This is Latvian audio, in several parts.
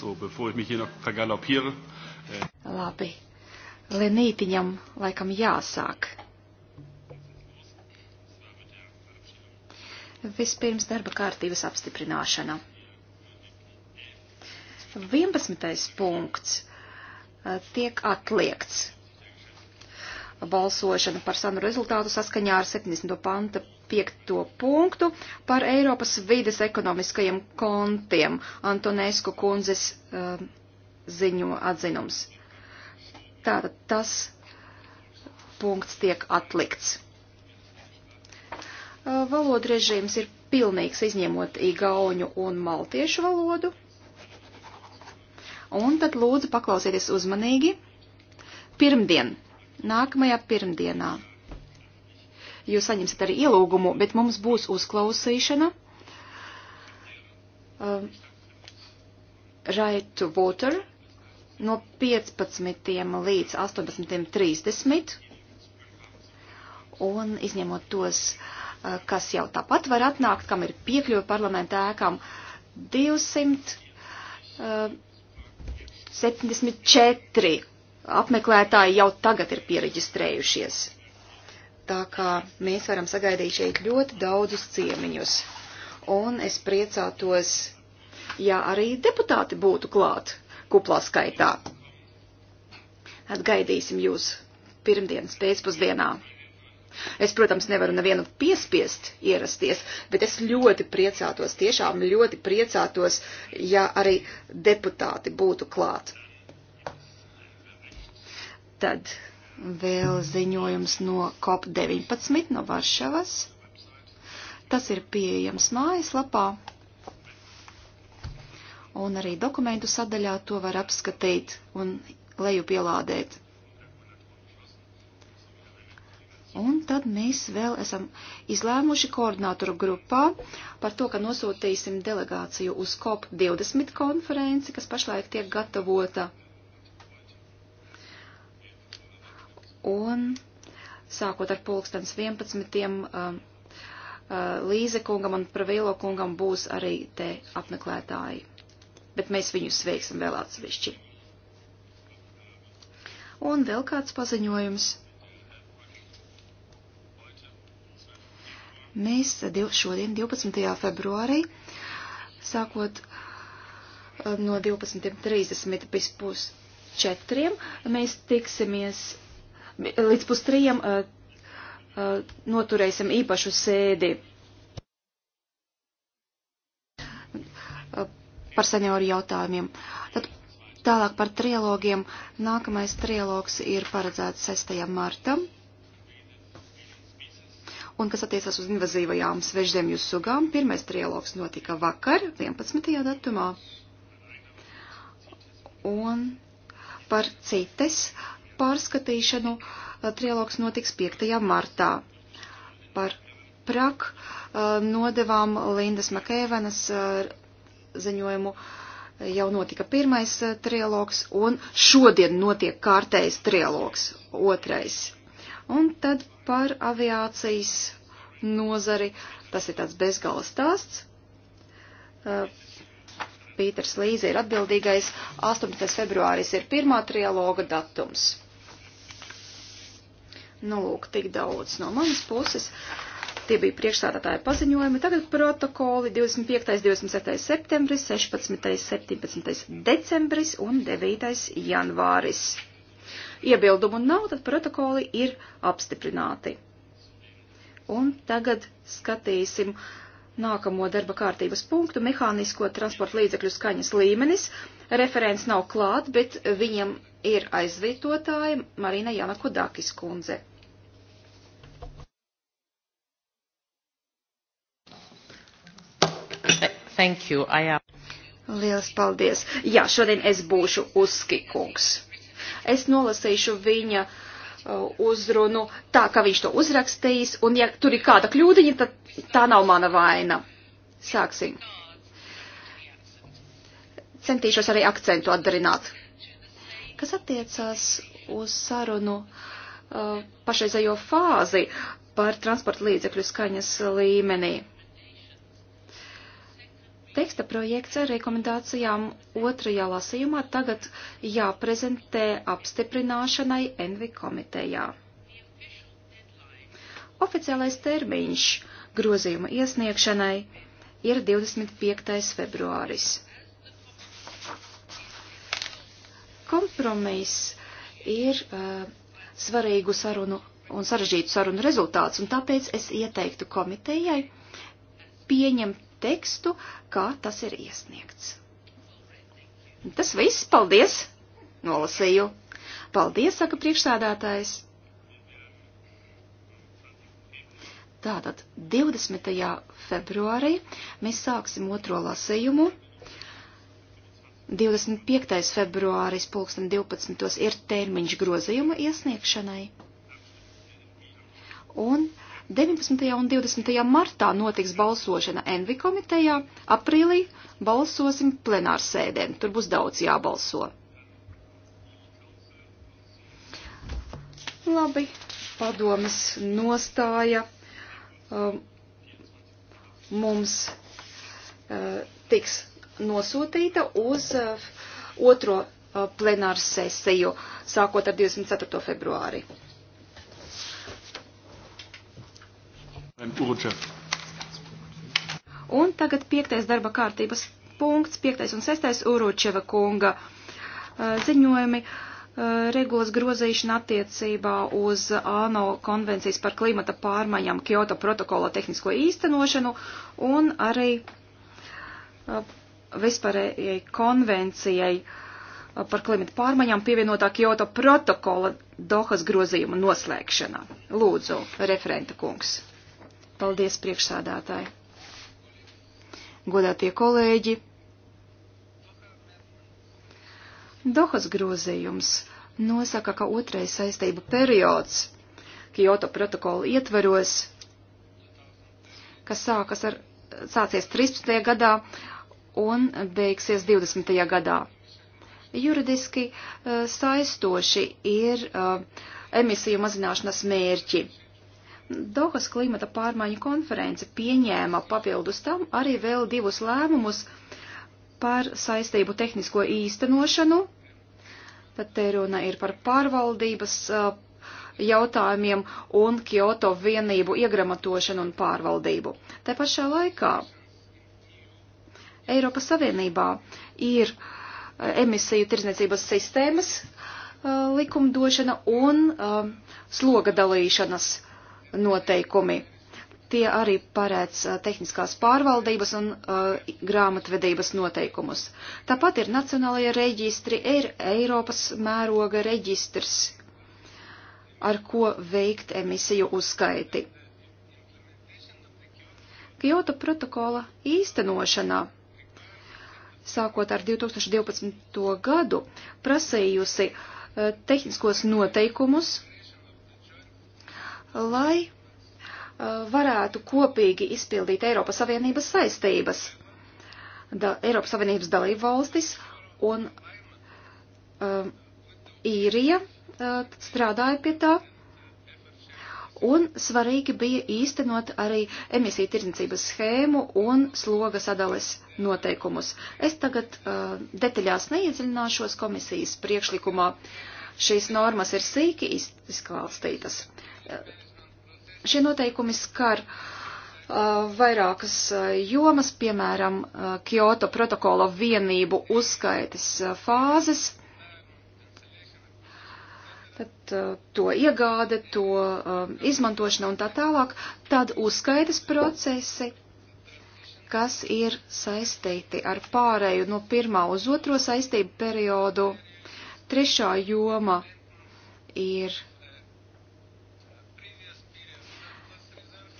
So, bevor ich mich hier noch vergaloppiere. Äh, Labi. Lenītiņam laikam jāsāk. Vispirms darba kārtības apstiprināšana. 11. punkts e, tiek atliekts. Balsošana par sanu rezultātu saskaņā ar 70. panta piekto punktu par Eiropas vides ekonomiskajiem kontiem Antonēsku kundzes uh, ziņo atzinums. Tātad tas punkts tiek atlikts. Uh, eh, valodu režīms ir pilnīgs izņemot igauņu un maltiešu valodu. Un tad lūdzu paklausieties uzmanīgi. Pirmdien, nākamajā pirmdienā jūs saņemsiet arī ielūgumu, bet mums būs uzklausīšana. Uh, right to Water no 15. līdz 18.30. Un izņemot tos, uh, kas jau tāpat var atnākt, kam ir piekļuva parlamentā ēkām, 200. Uh, 74 apmeklētāji jau tagad ir pieregistrējušies tā kā mēs varam sagaidīt šeit ļoti daudzus ciemiņus. Un es priecātos, ja arī deputāti būtu klāt kuplā skaitā. Atgaidīsim jūs pirmdienas pēcpusdienā. Es, protams, nevaru nevienu piespiest ierasties, bet es ļoti priecātos, tiešām ļoti priecātos, ja arī deputāti būtu klāt. Tad vēl ziņojums no COP19 no Varšavas. Tas ir pieejams mājaslapā. Un arī dokumentu sadaļā to var apskatīt un lejupielādēt. Un tad mēs vēl esam izlēmuši koordinātoru grupā par to, ka nosūtīsim delegāciju uz COP20 konferenci, kas pašlaik tiek gatavota un sākot ar pulkstens 11. Um, uh, Līze kungam un Pravilo kungam būs arī te apmeklētāji, bet mēs viņus sveiksim vēl atsevišķi. Un vēl kāds paziņojums. Mēs šodien, 12. februārī, sākot um, no 12.30 līdz pusčetriem, mēs tiksimies līdz pustrījiem uh, uh, noturēsim īpašu sēdi uh, par senioru jautājumiem. Tad tālāk par trilogiem. Nākamais trilogs ir paredzēts 6. martam. Un kas attiecas uz invazīvajām svežzemju sugām, pirmais trilogs notika vakar, 11. datumā. Un par citas uh, pārskatīšanu. Eh, trialogs notiks 5. martā. Par prak eh, nodevām Lindas Makēvenas eh, ziņojumu jau notika pirmais trialogs, un šodien notiek kārtējs trialogs, otrais. Un tad par aviācijas nozari. Tas ir tāds bezgala stāsts. Pīters Līze ir atbildīgais. 18. februāris ir pirmā trialoga datums. Nu, lūk, tik daudz no manas puses. Tie bija priekšstādātāja paziņojumi. Tagad protokoli 25. 27. septembris, 16. 17. decembris un 9. janvāris. Iebildumu nav, tad protokoli ir apstiprināti. Un tagad skatīsim nākamo darba kārtības punktu - mehānisko transporta līdzekļu skaņas līmenis. Referents nav klāt, bet viņam ir aizvietotāja Marina Janakudakis kundze. Thank you. I am. Liels paldies. Jā, šodien es būšu uzskikungs. Es nolasīšu viņa uh, uzrunu tā, kā viņš to uzrakstījis, un ja tur ir kāda kļūdiņa, tad tā nav mana vaina. Sāksim. Centīšos arī akcentu atdarināt. Kas attiecās uz sarunu uh, pašreizējo fāzi par transporta līdzekļu skaņas līmenī? Teksta projekts ar rekomendācijām otrajā lasījumā tagad jāprezentē apstiprināšanai Envi komitejā. Oficiālais termiņš grozījuma iesniegšanai ir 25. februāris. Kompromiss ir uh, svarīgu sarunu un sarežģītu sarunu rezultāts, un tāpēc es ieteiktu komitejai pieņemt tekstu, kā tas ir iesniegts. Tas viss, paldies! Nolasīju. Paldies, saka priekšsādātājs. Tātad 20. februārī mēs sāksim otro lasījumu. 25. februāris pulksten 12. ir termiņš grozījuma iesniegšanai. Un 19. un 20. martā notiks balsošana Envi komitejā, aprīlī balsosim plenārsēdē, tur būs daudz jābalso. Labi, padomas nostāja um, mums uh, tiks nosūtīta uz uh, otro uh, plenāru sesiju, sākot ar 24. februāri. Un tagad piektais darba kārtības punkts, piektais un sestais Uručeva kunga uh, ziņojumi uh, regulas grozīšana attiecībā uz ANO konvencijas par klimata pārmaiņām Kyoto protokola tehnisko īstenošanu un arī uh, vispārējai konvencijai par klimata pārmaiņām pievienotā Kyoto protokola Dohas grozījuma noslēgšanā. Lūdzu, referenta kungs. Paldies priekšsādātāji. Godātie kolēģi. Dohas grozījums nosaka, ka otrais saistību periods Kyoto protokola ietveros, kas sākas ar, sācies 13. gadā un beigsies 20. gadā. Juridiski eh, saistoši ir eh, emisiju mazināšanas mērķi Dohas klimata pārmaiņu konference pieņēma papildus tam arī vēl divus lēmumus par saistību tehnisko īstenošanu. Tad te runa ir par pārvaldības jautājumiem un Kyoto vienību iegramatošanu un pārvaldību. Te pašā laikā Eiropas Savienībā ir emisiju tirdzniecības sistēmas likumdošana un sloga dalīšanas noteikumi. Tie arī paredz uh, tehniskās pārvaldības un uh, grāmatvedības noteikumus. Tāpat ir nacionālajie reģistri, ir Eiropas mēroga reģistrs, ar ko veikt emisiju uzskaiti. Kyoto protokola īstenošanā, sākot ar 2012. gadu, prasījusi uh, tehniskos noteikumus lai uh, varētu kopīgi izpildīt Eiropas Savienības saistības. Da, Eiropas Savienības dalību valstis un um, īrija uh, strādāja pie tā. Un svarīgi bija īstenot arī emisiju tirdzniecības schēmu un sloga sadales noteikumus. Es tagad uh, detaļās neiedziļināšos komisijas priekšlikumā. Šīs normas ir sīki izklāstītas. Uh, Šie noteikumi skar uh, vairākas uh, jomas, piemēram, uh, Kyoto protokola vienību uzskaites fāzes, tad to iegāde, to um, izmantošana un tā tālāk, tad uzskaites procesi, kas ir saistīti ar pārēju no pirmā uz otro saistību periodu. Trešā joma ir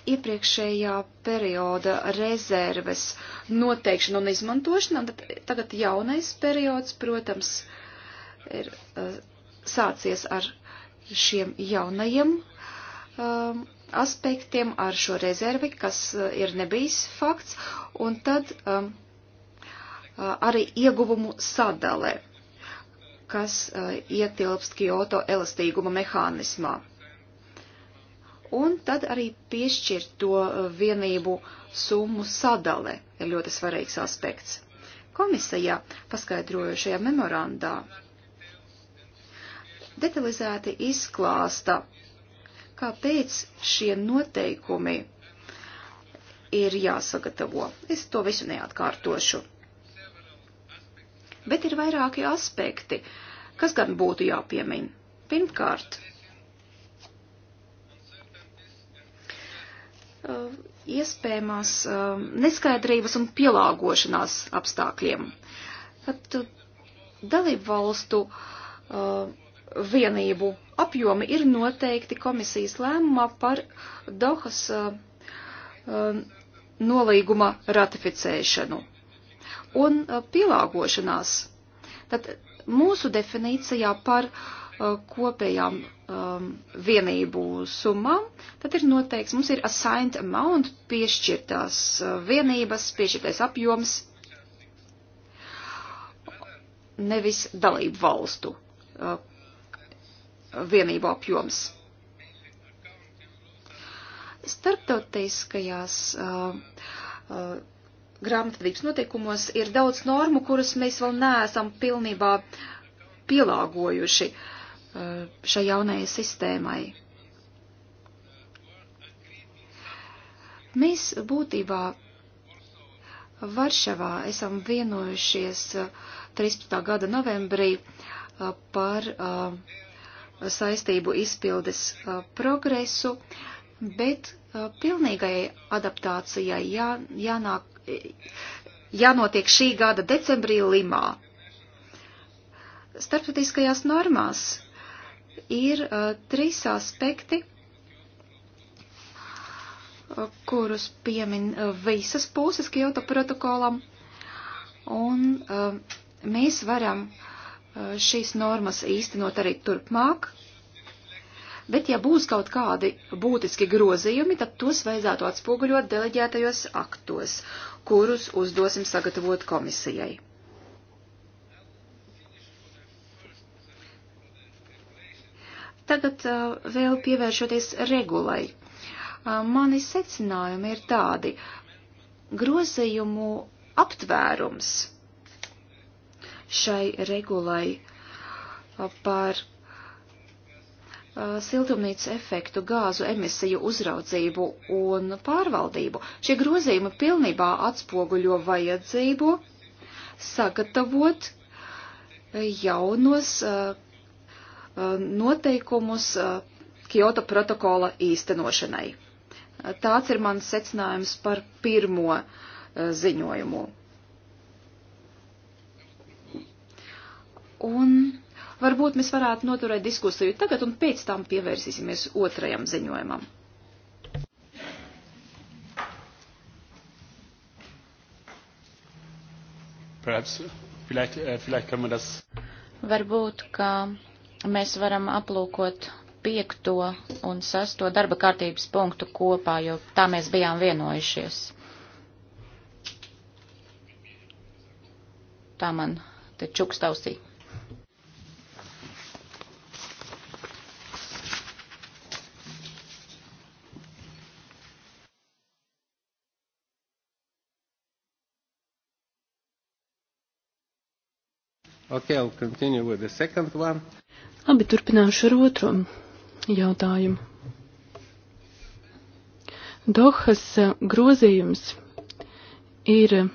iepriekšējā perioda rezerves noteikšana un izmantošana, un tagad jaunais periods, protams, ir uh, sācies ar šiem jaunajiem um, aspektiem, ar šo rezervi, kas uh, ir nebijis fakts, un tad um, uh, arī ieguvumu sadalē, kas uh, ietilpst Kyoto elastīguma mehānismā un tad arī piešķirt to eh, vienību summu sadale ir ļoti svarīgs aspekts. Komisijā paskaidrojušajā memorandā detalizēti izklāsta, kāpēc šie noteikumi ir jāsagatavo. Es to visu neatkārtošu. Bet ir vairāki aspekti, kas gan būtu jāpiemin. Pirmkārt, Uh, iespējamās uh, neskaidrības un pielāgošanās apstākļiem. Tad uh, dalību valstu vienību apjomi ir noteikti komisijas lēmumā par Dohas nolīguma ratificēšanu. Un pielāgošanās. Tad mūsu definīcijā par uh, Uh, kopējām um, vienību summām, tad ir noteikts, mums ir assigned amount, piešķirtās uh, vienības, piešķirtais apjoms, nevis dalību valstu uh, vienību apjoms. Starptautiskajās uh, uh, grāmatvedības noteikumos ir daudz normu, kuras mēs vēl neesam pilnībā pielāgojuši. Uh, Uh, šai jaunajai sistēmai. Mēs būtībā Varšavā esam vienojušies 13. Uh, gada novembrī uh, par saistību izpildes progresu, bet pilnīgai adaptācijai jā, jānāk, jānotiek šī gada decembrī Limā. Starptautiskajās normās ir uh, trīs aspekti, uh, kurus piemin uh, visas puses Kyoto protokolam, un uh, mēs varam uh, šīs normas īstenot arī turpmāk, bet ja būs kaut kādi būtiski grozījumi, tad tos vajadzētu atspoguļot deleģētajos aktos, kurus uzdosim sagatavot komisijai. Tagad uh, vēl pievēršoties regulai. Uh, mani secinājumi ir tādi. Grozījumu aptvērums šai regulai uh, par siltumnīca efektu gāzu emisiju uzraudzību un pārvaldību. Šie grozījumi pilnībā atspoguļo vajadzību sagatavot jaunos Uh, noteikumus uh, Kyoto protokola īstenošanai. Uh, tāds ir mans secinājums par pirmo ziņojumu. Un varbūt mēs varētu noturēt diskusiju tagad un pēc tam pievērsīsimies otrajam ziņojumam. Perhaps, vielleicht, äh, vielleicht kann man das. Varbūt, ka mēs varam aplūkot piekto un sesto darba kārtības punktu kopā, jo tā mēs bijām vienojušies. Tā man te čukstausī. Okay, I'll continue with the second one. Labi, turpināšu ar otro jautājumu. Dohas eh, grozījums ir eh,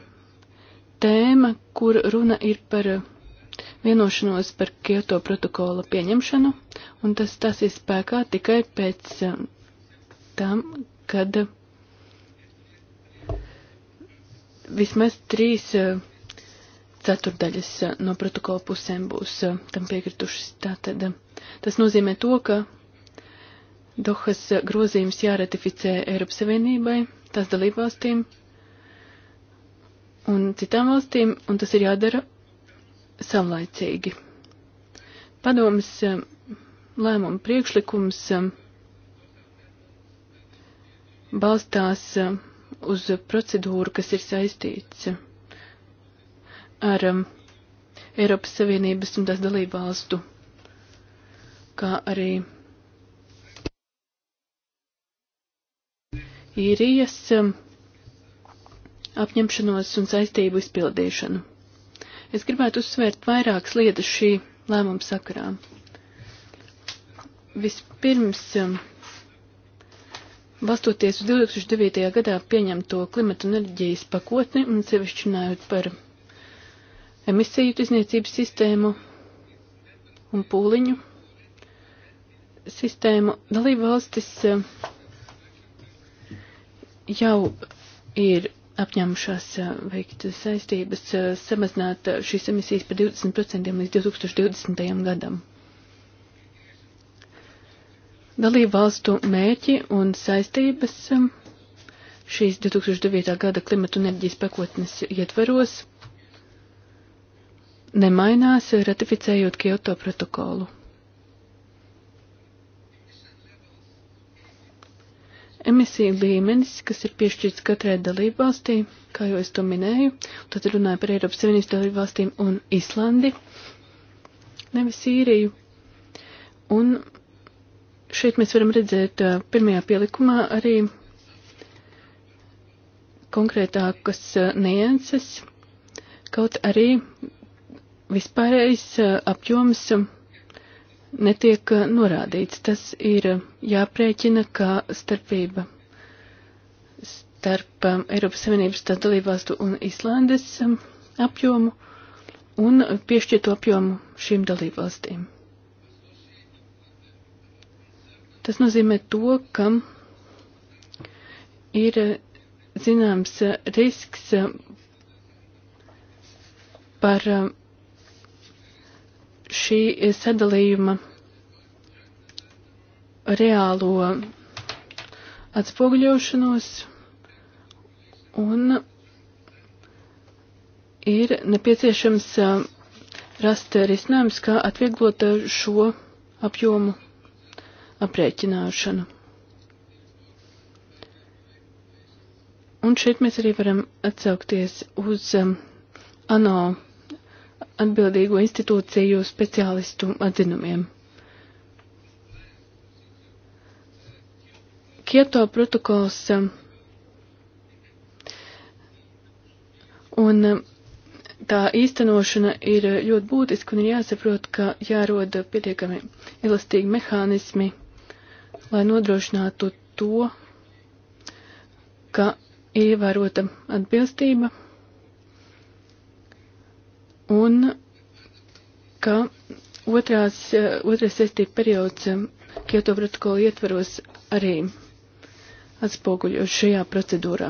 tēma, kur runa ir par eh, vienošanos par Kyoto protokola pieņemšanu, un tas tas ir spēkā tikai pēc tam, kad vismaz trīs uh, ceturdaļas eh, no protokola pusēm būs eh, tam piekritušas. Tātad eh, tas nozīmē to, ka Dohas grozījums jāratificē Eiropas Savienībai, tās dalībvalstīm un citām valstīm, un tas ir jādara savlaicīgi. Padomas lēmuma priekšlikums balstās uz procedūru, kas ir saistīts ar um, Eiropas Savienības un tās dalībvalstu, kā arī īrijas um, apņemšanos un saistību izpildīšanu. Es gribētu uzsvērt vairākas lietas šī lēmuma sakarā. Vispirms, um, balstoties uz 2009. gadā pieņemto klimatu enerģijas pakotni un sevišķinājot par emisiju izniecības sistēmu un pūliņu sistēmu. Dalībvalstis eh, jau ir apņēmušās eh, veikt saistības eh, samazināt šīs emisijas par 20% līdz 2020. gadam. Dalību valstu mērķi un saistības šīs 2009. gada klimatu enerģijas pakotnes ietveros nemainās, ratificējot Kyoto protokolu. Emisiju līmenis, kas ir piešķirts katrai dalībvalstī, kā jau es to minēju, tad runāju par Eiropas Savienības dalībvalstīm un Islandi, nevis Sīriju. Un šeit mēs varam redzēt pirmajā pielikumā arī konkrētākas nianses, kaut arī vispārējais eh, apjoms eh, netiek eh, norādīts. Tas ir jāprēķina kā starpība starp Eiropas Savienības dalībvalstu un Islandes apjomu un piešķirto apjomu šīm dalībvalstīm. Tas nozīmē to, ka ir zināms risks par šī sadalījuma reālo atspoguļošanos un ir nepieciešams rast risinājums, kā atvieglot šo apjomu aprēķināšanu. Un šeit mēs arī varam atsaukties uz um, ANO atbildīgo institūciju speciālistu atzinumiem. Kieto protokols um, un um, tā īstenošana ir ļoti būtiska un ir jāsaprot, ka jāroda pietiekami elastīgi mehānismi, lai nodrošinātu to, ka ir ievērota atbilstība un ka otrās, eh, otrais saistība periods eh, Kyoto protokola ietvaros arī atspoguļo šajā procedūrā.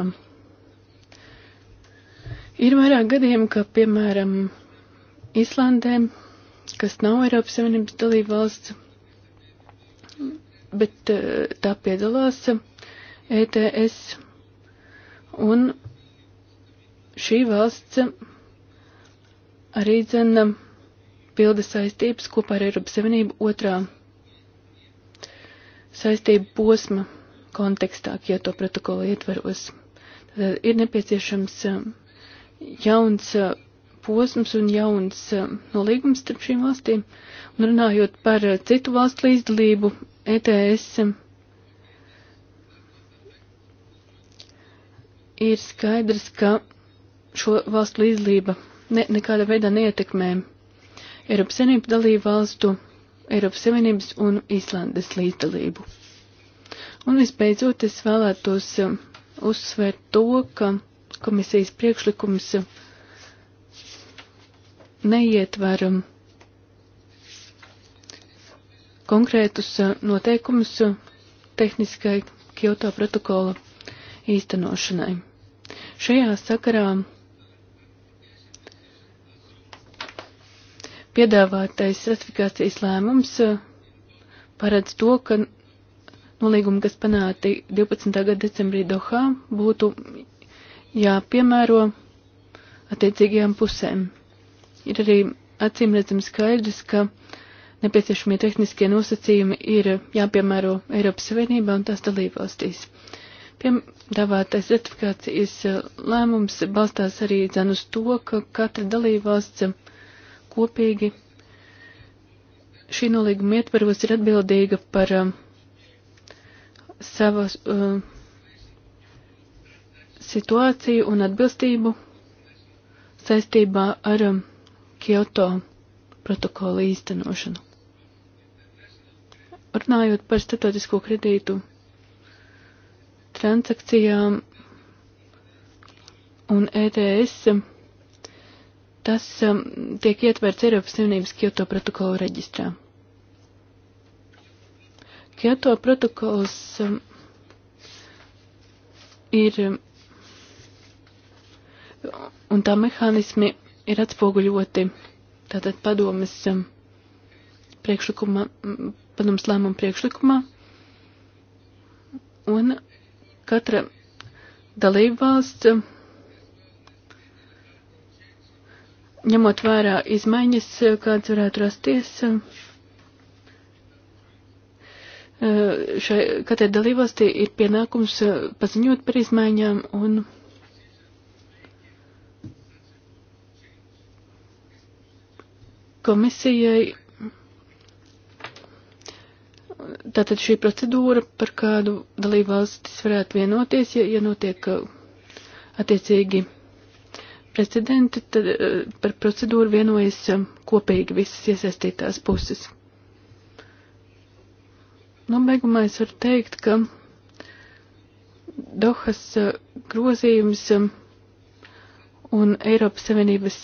Ir vairāk gadiem, ka, piemēram, Islandē, kas nav Eiropas Savienības dalība valsts, bet eh, tā piedalās ETS, un šī valsts arī dzen pilda saistības kopā ar Eiropas Savienību otrā saistību posma kontekstā, ja to protokola ietveros. Tad ir nepieciešams jauns posms un jauns nolīgums starp šīm valstīm. Un runājot par citu valstu līdzdalību, ETS ir skaidrs, ka šo valstu līdzdalība ne, nekāda veida neietekmē Eiropas Savienības dalību valstu, Eiropas Savienības un Īslandes līdzdalību. Un visbeidzot, es vēlētos um, uzsvērt to, ka komisijas priekšlikums um, neietver um, konkrētus uh, noteikumus tehniskai Kyoto protokola īstenošanai. Šajā sakarā piedāvātais ratifikācijas lēmums uh, paredz to, ka nolīgumi, kas panāti 12. gada decembrī Dohā, būtu jāpiemēro attiecīgajām pusēm. Ir arī acīm redzams skaidrs, ka nepieciešamie tehniskie nosacījumi ir jāpiemēro Eiropas Savienībā un tās dalībvalstīs. Piedāvātais ratifikācijas uh, lēmums balstās arī dzen uz to, ka katra dalībvalsts kopīgi. Šī nolīguma ietvaros ir atbildīga par um, savas um, situāciju un atbilstību saistībā ar um, Kyoto protokolu īstenošanu. Runājot par statotisko kredītu transakcijām un ETS, um, tas um, tiek ietverts Eiropas Savienības Kyoto protokolu reģistrā. Kyoto protokols um, ir um, un tā mehānismi ir atspoguļoti tātad padomas um, priekšlikumā, padomas lēmuma priekšlikumā, un katra dalībvalsts um, ņemot vērā izmaiņas, kāds varētu rasties šai katrai dalībvalstī ir pienākums paziņot par izmaiņām un komisijai tātad šī procedūra, par kādu dalībvalstis varētu vienoties, ja, ja notiek uh, attiecīgi precedenti, tad eh, par procedūru vienojas eh, kopīgi visas iesaistītās puses. Nobeigumā nu, es varu teikt, ka Dohas eh, grozījums un Eiropas Savienības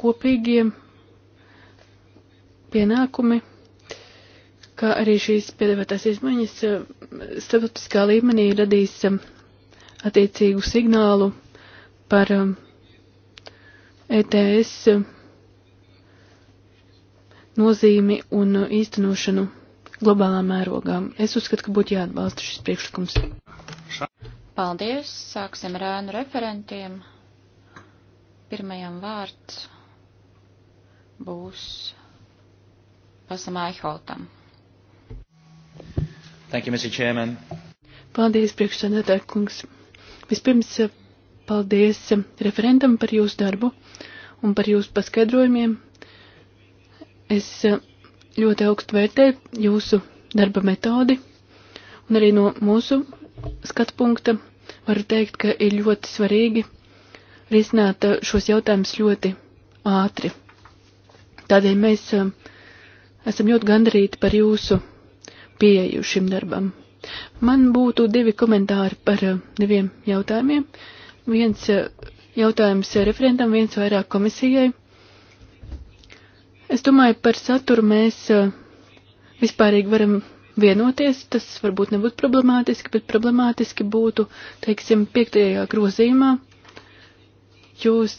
kopīgie pienākumi, kā arī šīs piedāvātās izmaiņas starptautiskā līmenī radīs attiecīgu signālu par um, ETS um, nozīmi un uh, īstenošanu globālā mērogā. Es uzskatu, ka būtu jāatbalsta šis priekšlikums. Paldies. Sāksim ar ēnu referentiem. Pirmajam vārds būs pasam Aiholtam. Thank you, Mr. Chairman. Paldies, priekšsēdētāj kungs. Vispirms uh, paldies eh, referentam par jūsu darbu un par jūsu paskaidrojumiem. Es eh, ļoti augstu vērtēju jūsu darba metodi, un arī no mūsu skatu punkta varu teikt, ka ir ļoti svarīgi risināt eh, šos jautājumus ļoti ātri. Tādēļ mēs esam ļoti gandarīti par jūsu pieeju šim darbam. Man būtu divi komentāri par diviem jautājumiem. Uh, Viens eh, jautājums eh, referentam, viens vairāk komisijai. Es domāju, par saturu mēs eh, vispārīgi varam vienoties. Tas varbūt nebūtu problemātiski, bet problemātiski būtu, teiksim, piektajā grozījumā. Jūs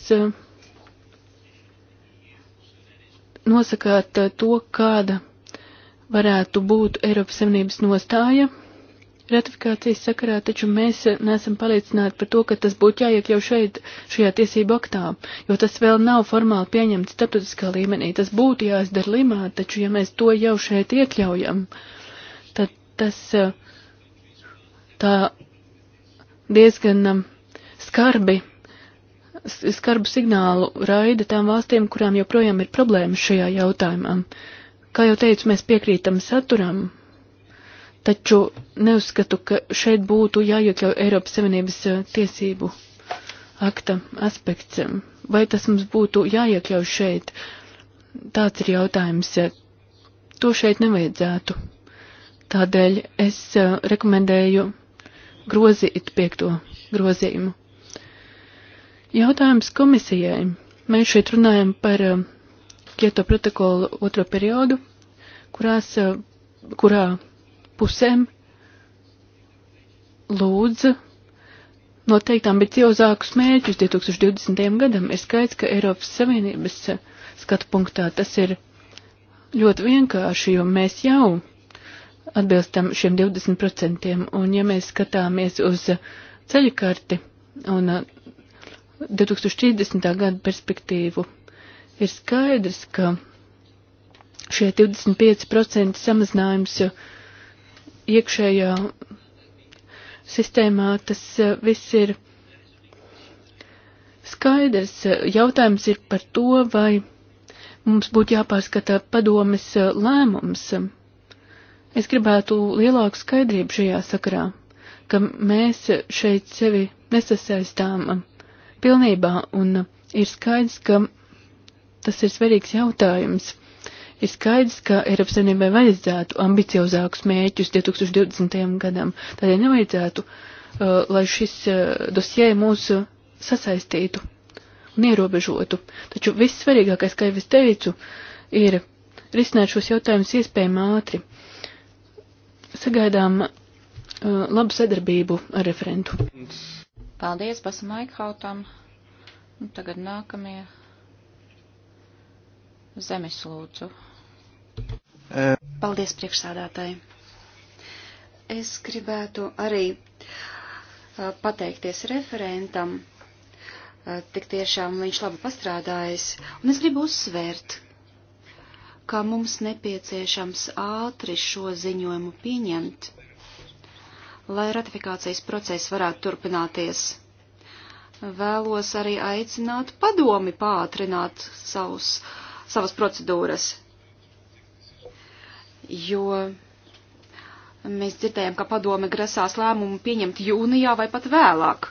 nosakāt to, kāda varētu būt Eiropas Savienības nostāja ratifikācijas sakarā, taču mēs neesam pārliecināti par to, ka tas būtu jāiekļau šeit, šajā tiesību aktā, jo tas vēl nav formāli pieņemts starptautiskā līmenī. Tas būtu jāizdara Limā, taču ja mēs to jau šeit iekļaujam, tad tas tā diezgan um, skarbi skarbu signālu raida tām valstīm, kurām joprojām ir problēmas šajā jautājumā. Kā jau teicu, mēs piekrītam saturam, taču neuzskatu, ka šeit būtu jāiekļauj Eiropas Savienības eh, tiesību akta aspekts. Vai tas mums būtu jāiekļauj šeit? Tāds ir jautājums. To šeit nevajadzētu. Tādēļ es eh, rekomendēju grozīt piekto grozījumu. Jautājums komisijai. Mēs šeit runājam par eh, Kieto protokolu otro periodu, kurās, kurā pusēm lūdza noteikt ambiciozākus mērķus 2020. gadam. Ir skaidrs, ka Eiropas Savienības skatu punktā tas ir ļoti vienkārši, jo mēs jau atbilstam šiem 20%, un ja mēs skatāmies uz ceļu karti un 2030. gada perspektīvu, ir skaidrs, ka šie 25% samazinājums iekšējā sistēmā tas eh, viss ir skaidrs. Jautājums ir par to, vai mums būtu jāpārskata padomes eh, lēmums. Es gribētu lielāku skaidrību šajā sakarā, ka mēs šeit sevi nesasaistām pilnībā, un ir skaidrs, ka tas ir svarīgs jautājums. Ir skaidrs, ka Eiropas Savienībai vajadzētu ambiciozākus mēķus 2020. gadam. Tādēļ nevajadzētu, uh, lai šis uh, dosie mūs sasaistītu un ierobežotu. Taču vissvarīgākais, kā jau es teicu, ir risināt šos jautājumus iespējami ātri. Sagaidām uh, labu sadarbību ar referentu. Paldies Basam Aikhautam. Un tagad nākamie zemes lūdzu. Paldies priekšsādātāji. Es gribētu arī pateikties referentam. Tik tiešām viņš labi pastrādājis. Un es gribu uzsvērt, ka mums nepieciešams ātri šo ziņojumu pieņemt, lai ratifikācijas process varētu turpināties. Vēlos arī aicināt padomi pātrināt savus, savas procedūras jo mēs dzirdējām, ka padome grasās lēmumu pieņemt jūnijā vai pat vēlāk.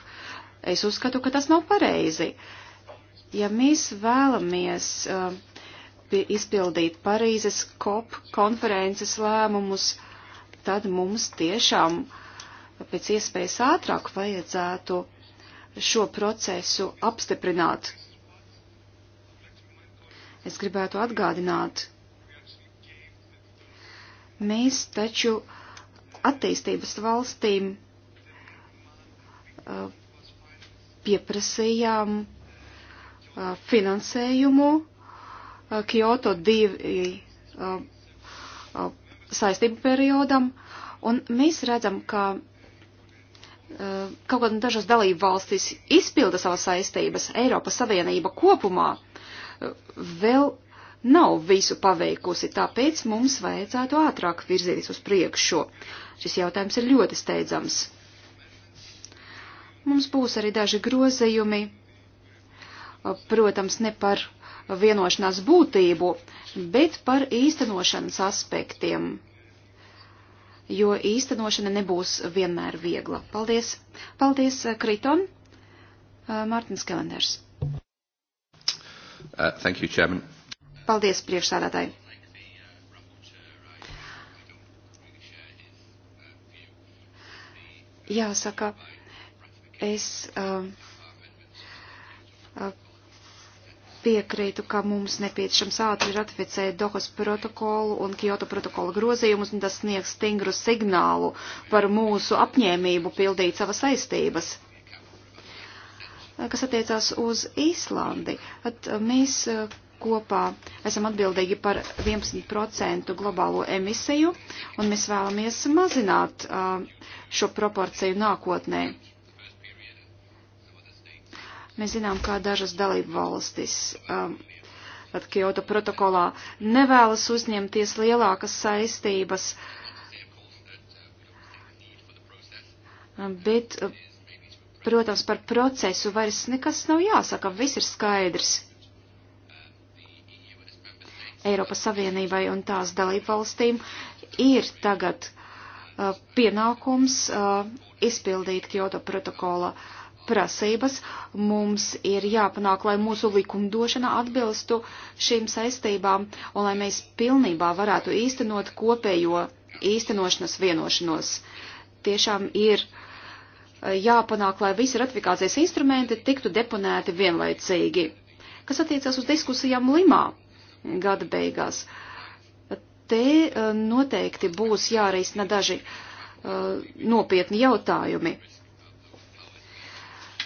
Es uzskatu, ka tas nav pareizi. Ja mēs vēlamies uh, izpildīt Parīzes COP konferences lēmumus, tad mums tiešām pēc iespējas ātrāk vajadzētu šo procesu apstiprināt. Es gribētu atgādināt, Mēs taču attīstības valstīm uh, pieprasījām uh, finansējumu uh, Kyoto 2 saistību periodam, un mēs redzam, ka kaut gan dažas dalību valstis izpilda savas saistības, Eiropas Savienība kopumā vēl nav visu paveikusi, tāpēc mums vajadzētu ātrāk virzīties uz priekšu. Šis jautājums ir ļoti steidzams. Mums būs arī daži grozējumi, protams, ne par vienošanās būtību, bet par īstenošanas aspektiem, jo īstenošana nebūs vienmēr viegla. Paldies! Paldies, eh, Kriton! Eh, Mārtiņš Kalenders. Uh, thank you, Chairman. Paldies priekšsādātāji. Jāsaka, es uh, uh, piekrītu, ka mums nepieciešams ātri ratificēt Dohas protokolu un Kyoto protokola grozījumus, un tas sniegs stingru signālu par mūsu apņēmību pildīt savas saistības. Kas attiecās uz Īslandi, tad uh, mēs uh, kopā esam atbildīgi par 11% globālo emisiju, un mēs vēlamies mazināt šo proporciju nākotnē. Mēs zinām, kā dažas dalību valstis tad Kyoto protokolā nevēlas uzņemties lielākas saistības, bet, protams, par procesu vairs nekas nav jāsaka, viss ir skaidrs. Eiropas Savienībai un tās dalībvalstīm ir tagad uh, pienākums uh, izpildīt Kyoto protokola prasības. Mums ir jāpanāk, lai mūsu likumdošana atbilstu šīm saistībām un lai mēs pilnībā varētu īstenot kopējo īstenošanas vienošanos. Tiešām ir uh, jāpanāk, lai visi ratifikācijas instrumenti tiktu deponēti vienlaicīgi. Kas attiecas uz diskusijām Limā, gada beigās. Te eh, noteikti būs jāreizina daži eh, nopietni jautājumi.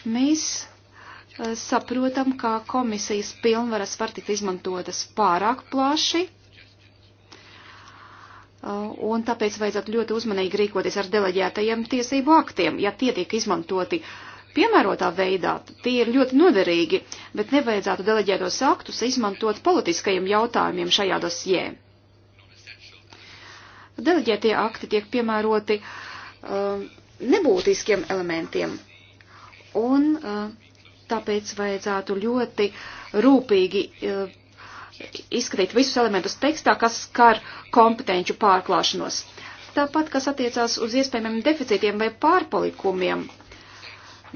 Mēs eh, saprotam, ka komisijas pilnvaras var tikt izmantotas pārāk plaši, un tāpēc vajadzētu ļoti uzmanīgi rīkoties ar deleģētajiem tiesību aktiem, ja tie tiek izmantoti uh, piemērotā veidā, tie ir ļoti noderīgi, bet nevajadzētu deleģētos aktus izmantot politiskajiem jautājumiem šajā dosjē. Deleģētie akti tiek piemēroti uh, nebūtiskiem elementiem, un uh, tāpēc vajadzētu ļoti rūpīgi uh, izskatīt visus elementus tekstā, kas skar kompetenču pārklāšanos. Tāpat, kas attiecās uz iespējamiem deficītiem vai pārpalikumiem,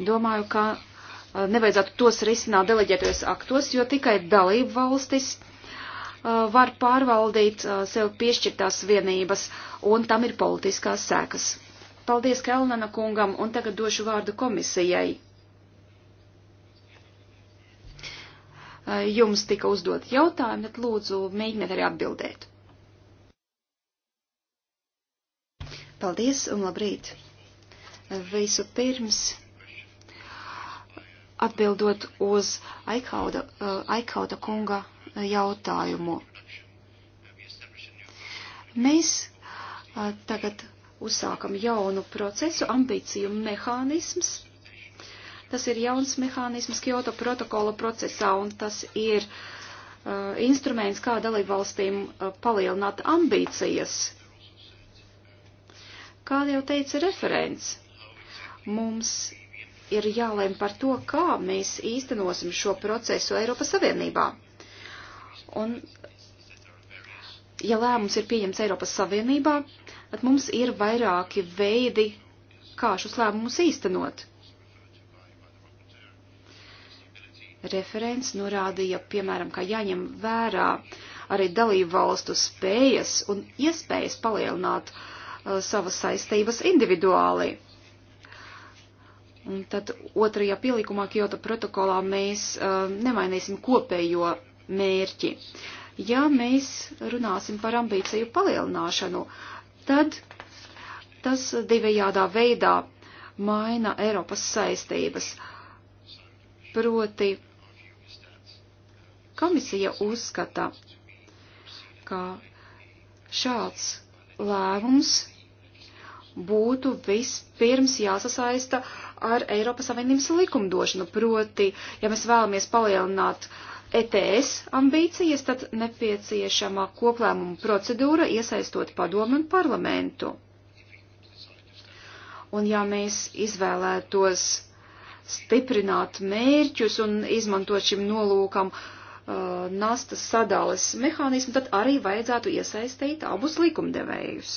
Domāju, ka uh, nevajadzētu tos risināt deleģētajos aktos, jo tikai dalību valstis uh, var pārvaldīt uh, sev piešķirtās vienības, un tam ir politiskās sēkas. Paldies Kelnana kungam, un tagad došu vārdu komisijai. Jums tika uzdot jautājumi, bet lūdzu mēģiniet arī atbildēt. Paldies un labrīt! Visu pirms atbildot uz Aikauda, uh, Aikauda kunga uh, jautājumu. Mēs uh, tagad uzsākam jaunu procesu, ambīciju mehānisms. Tas ir jauns mehānisms Kyoto protokola procesā, un tas ir uh, instruments, kā dalībvalstīm uh, palielināt ambīcijas. Kā jau teica referents, mums ir jālēm par to, kā mēs īstenosim šo procesu Eiropas Savienībā. Un, ja lēmums ir pieņemts Eiropas Savienībā, tad mums ir vairāki veidi, kā šos lēmumus īstenot. Referents norādīja, piemēram, ka jāņem vērā arī dalību valstu spējas un iespējas palielināt uh, savas saistības individuāli Un tad otrajā pielikumā Kyoto protokolā mēs uh, nemainīsim kopējo mērķi. Ja mēs runāsim par ambīciju palielināšanu, tad tas divējādā veidā maina Eiropas saistības. Proti, komisija uzskata, ka šāds lēmums būtu vispirms jāsasaista uh, ar Eiropas Savienības likumdošanu. Proti, ja mēs vēlamies palielināt ETS ambīcijas, tad nepieciešama koplēmuma procedūra iesaistot padomu un parlamentu. Un ja mēs izvēlētos stiprināt mērķus un izmantot šim nolūkam uh, nastas sadales mehānismu, tad arī vajadzētu iesaistīt abus likumdevējus.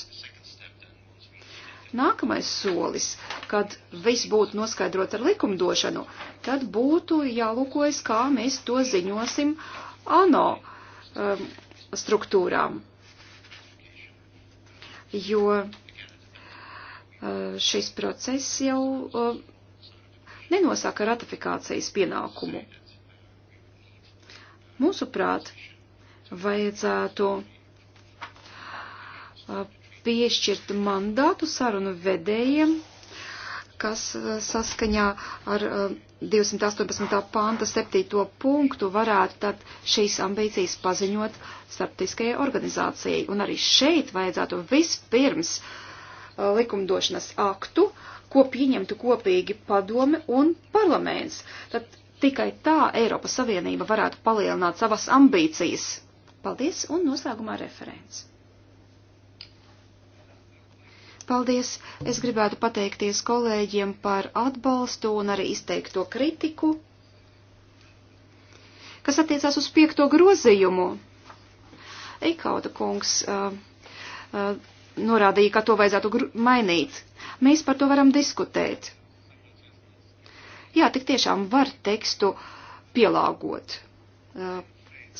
Nākamais solis, kad viss būtu noskaidrot ar likumdošanu, tad būtu jālūkojas, kā mēs to ziņosim ANO um, struktūrām. Jo uh, šis process jau uh, nenosaka ratifikācijas pienākumu. Mūsuprāt, vajadzētu uh, piešķirt mandātu sarunu vedējiem, kas uh, saskaņā ar 218. Uh, panta 7. punktu varētu tad šīs ambīcijas paziņot starptiskajai organizācijai. Un arī šeit vajadzētu vispirms uh, likumdošanas aktu, ko pieņemtu kopīgi padome un parlaments. Tad tikai tā Eiropas Savienība varētu palielināt savas ambīcijas. Paldies un noslēgumā referents. Paldies! Es gribētu pateikties kolēģiem par atbalstu un arī izteikto kritiku. Kas attiecās uz piekto grozījumu, Eikauda kungs uh, uh, norādīja, ka to vajadzētu mainīt. Mēs par to varam diskutēt. Jā, tik tiešām var tekstu pielāgot uh,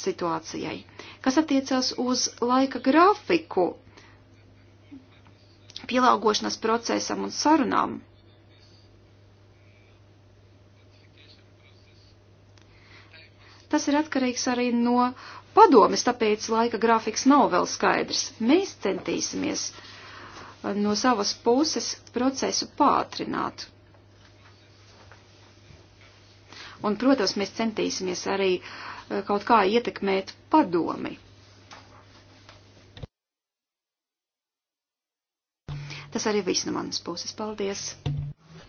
situācijai. Kas attiecās uz laika grafiku, pielāgošanās procesam un sarunām. Tas ir atkarīgs arī no padomes, tāpēc laika grafiks nav vēl skaidrs. Mēs centīsimies uh, no savas puses procesu pātrināt. Un, protams, mēs centīsimies arī uh, kaut kā ietekmēt padomi. tas arī viss no manas puses. Paldies!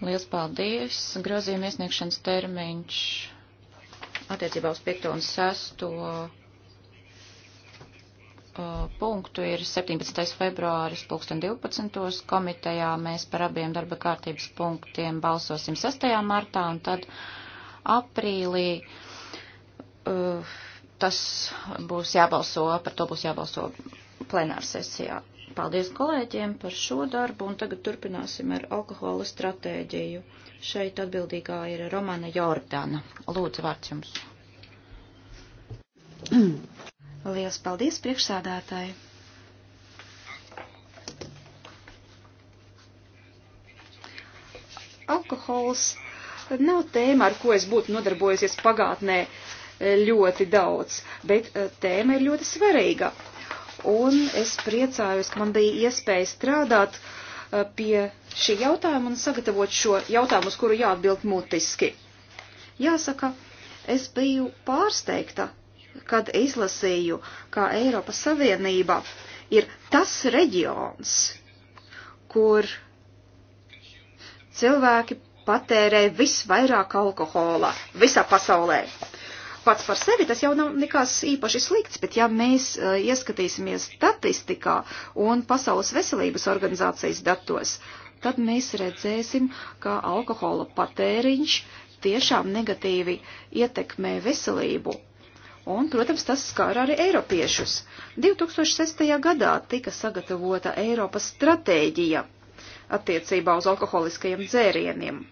Liels paldies! Grozījuma iesniegšanas termiņš attiecībā uz 5. un 6. Uh, punktu ir 17. februāris 2012. Komitejā mēs par abiem darba kārtības punktiem balsosim 6. martā un tad aprīlī. Uh, tas būs jābalso, par to būs jābalso plenārsesijā. Paldies kolēģiem par šo darbu, un tagad turpināsim ar alkohola stratēģiju. Šeit atbildīgā ir Romana Jordana. Lūdzu, vārds jums. Lielas paldies priekšsādātāji! Alkohols nav tēma, ar ko es būtu nodarbojusies pagātnē eh, ļoti daudz, bet eh, tēma ir ļoti svarīga un es priecājos, ka man bija iespēja strādāt uh, pie šī jautājuma un sagatavot šo jautājumu, uz kuru jāatbild mutiski. Jāsaka, es biju pārsteigta, kad izlasīju, ka Eiropas Savienība ir tas reģions, kur cilvēki patērē visvairāk alkohola visā pasaulē. Uh, pats par sevi tas jau nav nekas īpaši slikts, bet ja mēs uh, ieskatīsimies statistikā un Pasaules veselības organizācijas datos, tad mēs redzēsim, ka alkohola patēriņš tiešām negatīvi ietekmē veselību. Un, protams, tas skar arī Eiropiešus. 2006. gadā tika sagatavota Eiropas stratēģija attiecībā uz alkoholiskajiem dzērieniem.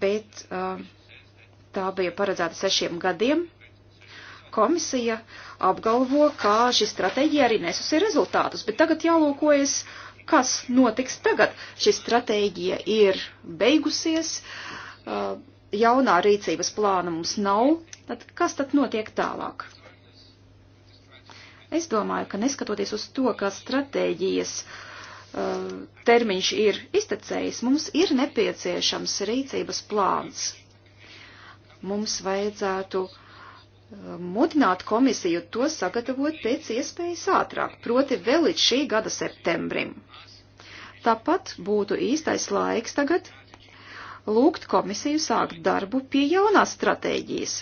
Bet uh, Tā bija paredzēta sešiem gadiem. Komisija apgalvo, ka šī stratēģija arī nesusi rezultātus, bet tagad jālūkojas, kas notiks tagad. Šī stratēģija ir beigusies, jaunā rīcības plāna mums nav, tad kas tad notiek tālāk? Es domāju, ka neskatoties uz to, ka stratēģijas uh, termiņš ir iztecējis, mums ir nepieciešams rīcības plāns. Mums vajadzētu eh, mudināt komisiju to sagatavot pēc iespējas ātrāk, proti vēl līdz šī gada septembrim. Tāpat būtu īstais laiks tagad lūgt komisiju sākt darbu pie jaunās stratēģijas.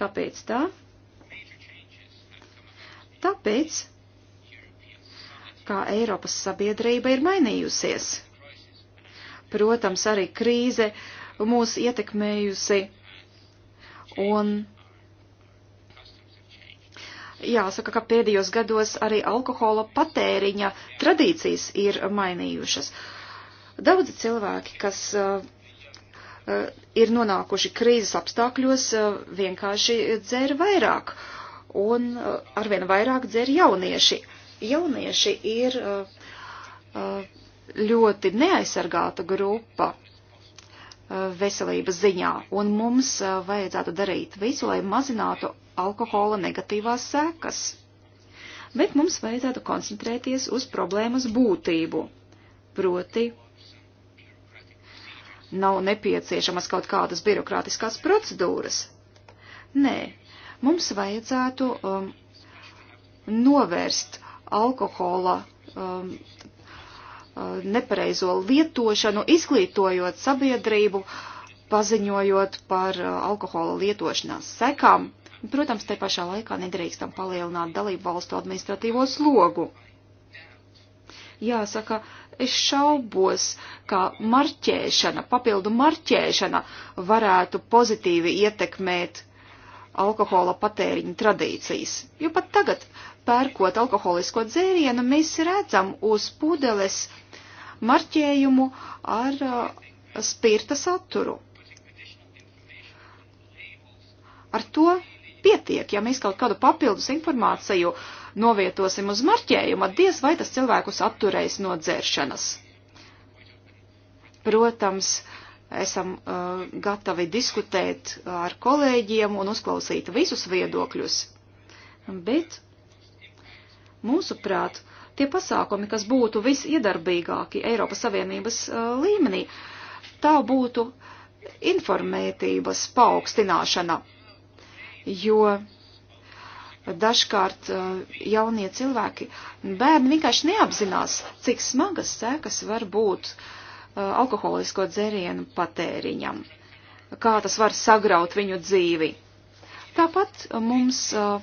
Kāpēc tā? Tāpēc, kā Eiropas sabiedrība ir mainījusies. Protams, arī krīze mūs ietekmējusi Un jāsaka, ka pēdējos gados arī alkohola patēriņa tradīcijas ir mainījušas. Daudzi cilvēki, kas uh, uh ir nonākuši krīzes apstākļos, uh, vienkārši dzēr vairāk, un uh, arvien vairāk dzēr jaunieši. Jaunieši ir uh, uh, ļoti neaizsargāta grupa. Uh, veselības ziņā, un mums uh, vajadzētu darīt visu, lai mazinātu alkohola negatīvās sekas. Bet mums vajadzētu koncentrēties uz problēmas būtību, proti nav nepieciešamas kaut kādas birokrātiskās procedūras. Nē, mums vajadzētu um, novērst alkohola um, Uh, nepareizo lietošanu, izglītojot sabiedrību, paziņojot par uh, alkohola lietošanās sekām. Protams, te pašā laikā nedrīkstam palielināt dalību valstu administratīvo slogu. Jāsaka, es šaubos, ka marķēšana, papildu marķēšana varētu pozitīvi ietekmēt alkohola patēriņa tradīcijas. Jo pat tagad, pērkot alkoholisko dzērienu, mēs redzam uz pudeles marķējumu ar uh, spirta saturu. Ar to pietiek, ja mēs kaut kādu papildus informāciju novietosim uz marķējuma, diez vai tas cilvēkus atturēs no dzēršanas. Protams, esam uh, gatavi diskutēt ar kolēģiem un uzklausīt visus viedokļus, bet mūsuprāt, uh, tie pasākumi, kas būtu visiedarbīgākie Eiropas Savienības uh, līmenī, tā būtu informētības paaugstināšana, jo dažkārt uh, jaunie cilvēki, bērni vienkārši neapzinās, cik smagas sekas var būt uh, alkoholisko dzērienu patēriņam, kā tas var sagraut viņu dzīvi. Tāpat mums uh,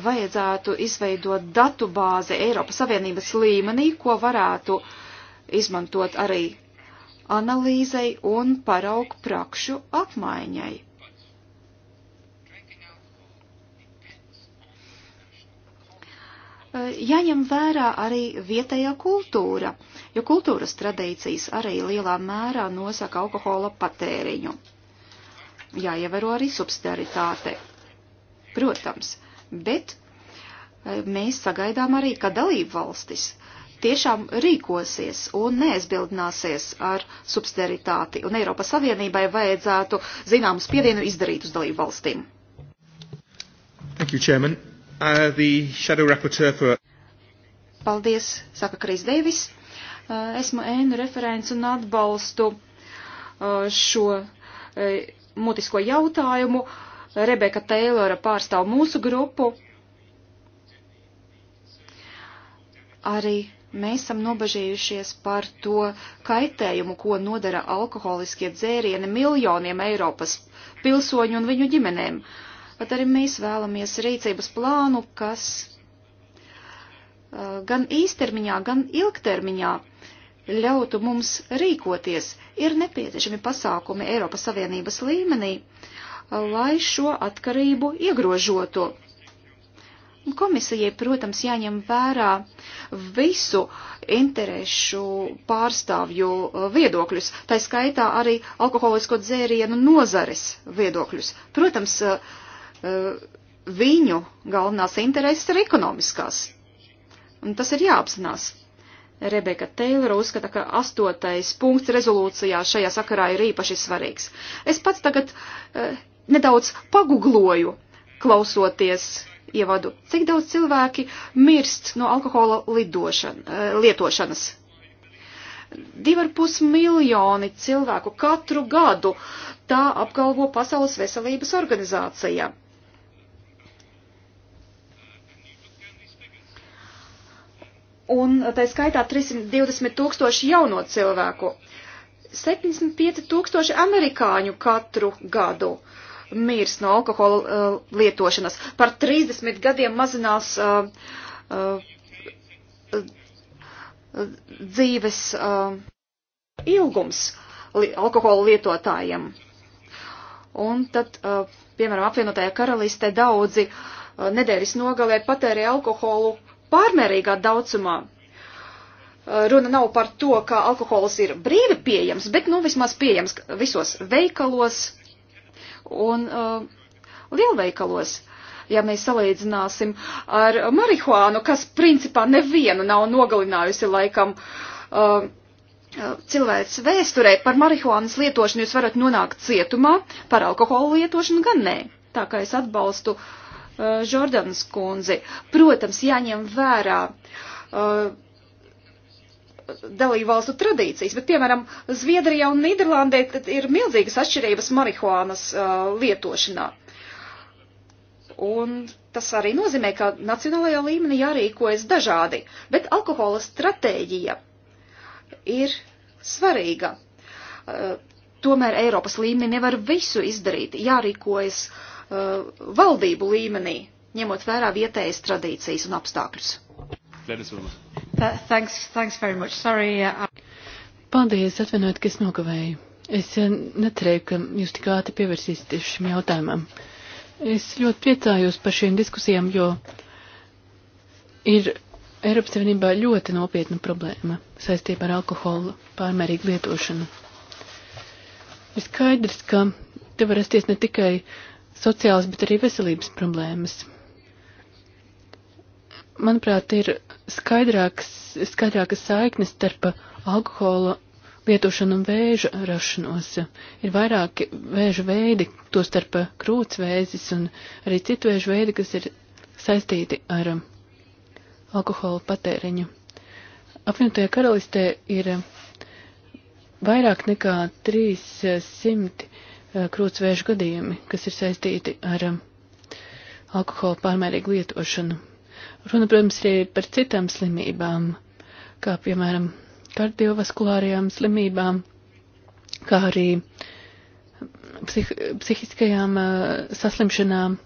vajadzētu izveidot datu bāzi Eiropas Savienības līmenī, ko varētu izmantot arī analīzei un paraugu prakšu apmaiņai. Jāņem vērā arī vietējā kultūra, jo kultūras tradīcijas arī lielā mērā nosaka alkohola patēriņu. Jāievēro arī subsidiaritāte. Protams, uh, bet eh, mēs sagaidām arī, ka dalību valstis tiešām rīkosies un neaizbildināsies ar subsidiaritāti, un Eiropas Savienībai vajadzētu zināmu spiedienu izdarīt uz dalību valstīm. Thank you, Chairman. Uh, the shadow rapporteur for... Paldies, saka Kris Deivis. Uh, esmu ēnu referents un atbalstu uh, šo uh, mutisko jautājumu. Uh, Rebeka Teilora pārstāv mūsu grupu. Arī mēs esam nobežījušies par to kaitējumu, ko nodara alkoholiskie dzērieni miljoniem Eiropas pilsoņu un viņu ģimenēm. Bet arī mēs vēlamies rīcības plānu, kas uh, gan īstermiņā, gan ilgtermiņā ļautu mums rīkoties. Ir nepieciešami pasākumi Eiropas Savienības līmenī lai šo atkarību iegrožotu. Komisijai, protams, jāņem vērā visu interesu pārstāvju viedokļus, tā skaitā arī alkoholisko dzērienu nozares viedokļus. Protams, eh, viņu galvenās intereses ir ekonomiskās, un tas ir jāapzinās. Rebeka Teilora uzskata, ka astotais punkts rezolūcijā šajā sakarā ir īpaši svarīgs. Es pats tagad eh, nedaudz pagugloju, klausoties ievadu, cik daudz cilvēki mirst no alkohola lidošana, eh, lietošanas. 2,5 miljoni cilvēku katru gadu tā apgalvo Pasaules veselības organizācija. Un tā skaitā 320 tūkstoši jauno cilvēku. 75 tūkstoši amerikāņu katru gadu. Uh, mirs no alkohola uh, lietošanas. Par 30 gadiem mazinās uh, uh, uh, dzīves uh, ilgums li alkohola lietotājiem. Un tad, uh, piemēram, apvienotajā karalistē daudzi uh, nedēļas nogalē patērē alkoholu pārmērīgā daudzumā. Uh, runa nav par to, ka alkohols ir brīvi pieejams, bet nu vismaz pieejams visos veikalos, un uh, lielveikalos. Ja mēs salīdzināsim ar marihuānu, kas principā nevienu nav nogalinājusi laikam uh, uh cilvēks vēsturē par marihuānas lietošanu, jūs varat nonākt cietumā, par alkoholu lietošanu gan nē. Tā kā es atbalstu uh, Žordans kundzi. Protams, jāņem vērā. Uh, dalībvalstu tradīcijas, bet, piemēram, Zviedrijā un Nīderlandē ir milzīgas atšķirības marihuānas uh, lietošanā. Un tas arī nozīmē, ka nacionālajā līmenī jārīkojas dažādi, bet alkohola stratēģija ir svarīga. Uh, tomēr Eiropas līmenī nevar visu izdarīt, jārīkojas uh, valdību līmenī, ņemot vērā vietējas tradīcijas un apstākļus. Ladies, Thanks, thanks very much. Sorry. Uh, Paldies, atvainojiet, ka es nokavēju. Es uh, necerēju, ka jūs tik ātri pievērsīsieties šim jautājumam. Es ļoti priecājos par šīm diskusijām, jo ir Eiropas Savienībā ļoti nopietna problēma saistībā ar alkoholu pārmērīgu lietošanu. Ir skaidrs, ka te var rasties ne tikai sociāls, bet arī veselības problēmas manuprāt, ir skaidrāks, skaidrākas saiknes starp alkohola lietošanu un vēža rašanos. Ir vairāki vēža veidi, to starp krūtsvēzis un arī citu vēža veidi, kas ir saistīti ar alkohola patēriņu. Apvienotajā karalistē ir vairāk nekā 300 eh, krūtsvēža gadījumi, kas ir saistīti ar alkohola pārmērīgu lietošanu. Runa, protams, arī par citām slimībām, kā piemēram kardiovaskulārajām slimībām, kā arī psih psihiskajām uh, saslimšanām.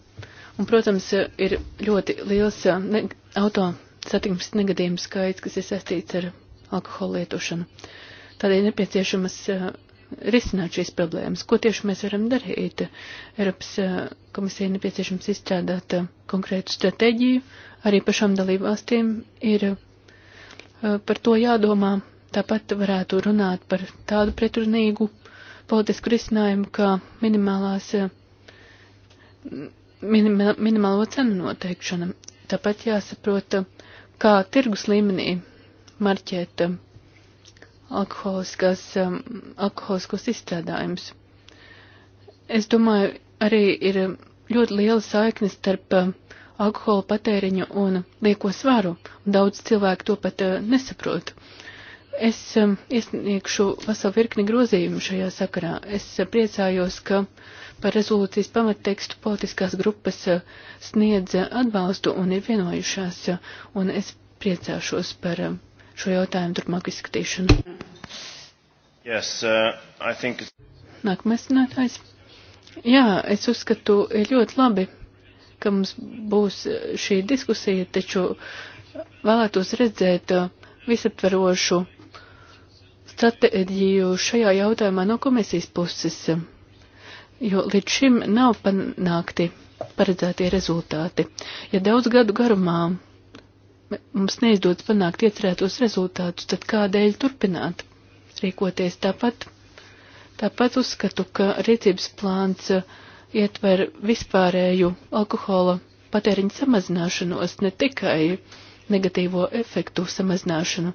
Un, protams, ir ļoti liels uh, ne auto satiksmes negadījumu skaits, kas ir saistīts ar alkohola lietošanu. Tādēļ nepieciešamas uh, risināt šīs problēmas. Ko tieši mēs varam darīt? Eiropas eh, komisija nepieciešams izstrādāt eh, konkrētu stratēģiju, arī pašām dalībvalstīm ir eh, par to jādomā. Tāpat varētu runāt par tādu pretrunīgu politisku risinājumu, kā minimālās, minima, minimālo cenu noteikšana. Tāpat jāsaprot, kā tirgus līmenī marķēt um, alkoholiskos izstrādājumus. Es domāju, arī ir ļoti liela saikne starp uh, alkohola patēriņu un lieko svaru. Daudz cilvēku to pat uh, nesaprot. Es um, iesniegšu veselu virkni grozījumu šajā sakarā. Es uh, priecājos, ka par rezolūcijas pamattekstu politiskās grupas uh, sniedz atbalstu un ir vienojušās, uh, un es priecāšos par um, šo jautājumu turpmāk izskatīšanu. Yes, uh, think... Nākamais runātājs. Jā, es uzskatu ļoti labi, ka mums būs šī diskusija, taču vēlētos redzēt uh, visaptverošu stratēģiju šajā jautājumā no komisijas puses, jo līdz šim nav panākti paredzētie rezultāti. Ja daudz gadu garumā mums neizdodas panākt iecerētos rezultātus, tad kādēļ turpināt rīkoties tāpat? Tāpat uzskatu, ka rīcības plāns uh, ietver vispārēju alkohola patēriņa samazināšanos, ne tikai negatīvo efektu samazināšanu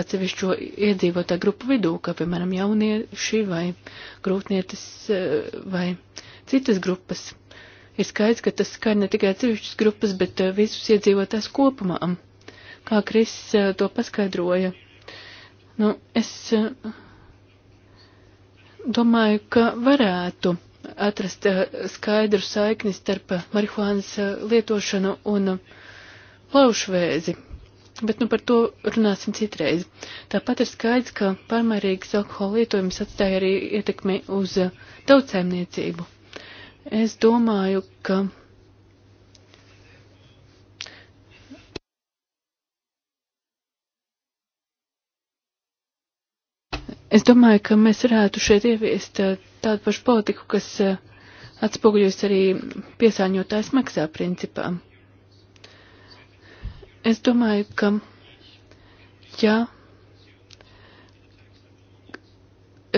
atsevišķo iedzīvotā grupu vidū, kā piemēram jaunieši vai grūtnietis uh, vai citas grupas. Ir skaidrs, ka tas skar ne tikai atsevišķas grupas, bet uh, visus iedzīvotājs kopumā kā Kris eh, to paskaidroja. Nu, es eh, domāju, ka varētu atrast eh, skaidru saikni starp marihuānas lietošanu un plaušvēzi, bet nu par to runāsim citreiz. Tāpat ir skaidrs, ka pārmērīgs alkohola lietojums atstāja arī ietekmi uz tautsēmniecību. Es domāju, ka Es domāju, ka mēs varētu šeit ieviest uh, tādu pašu politiku, kas uh, atspoguļos arī piesāņotājs maksā principā. Es domāju, ka ja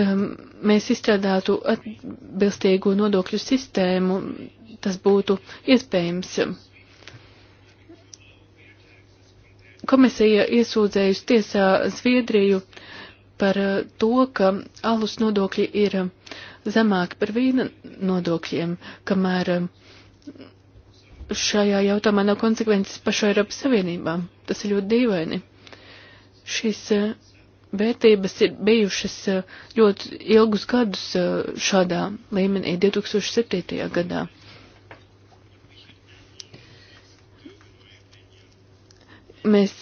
um, mēs izstrādātu atbilstīgu nodokļu sistēmu, tas būtu iespējams. Komisija iesūdzējusi tiesā Zviedriju uh, par eh, to, ka alus nodokļi ir eh, zemāki par vīna nodokļiem, kamēr eh, šajā jautājumā nav konsekvences pašā Eiropas Savienībā. Tas ir ļoti dīvaini. Šīs vērtības ir bijušas ļoti ilgus gadus šādā līmenī, 2007. gadā. Mēs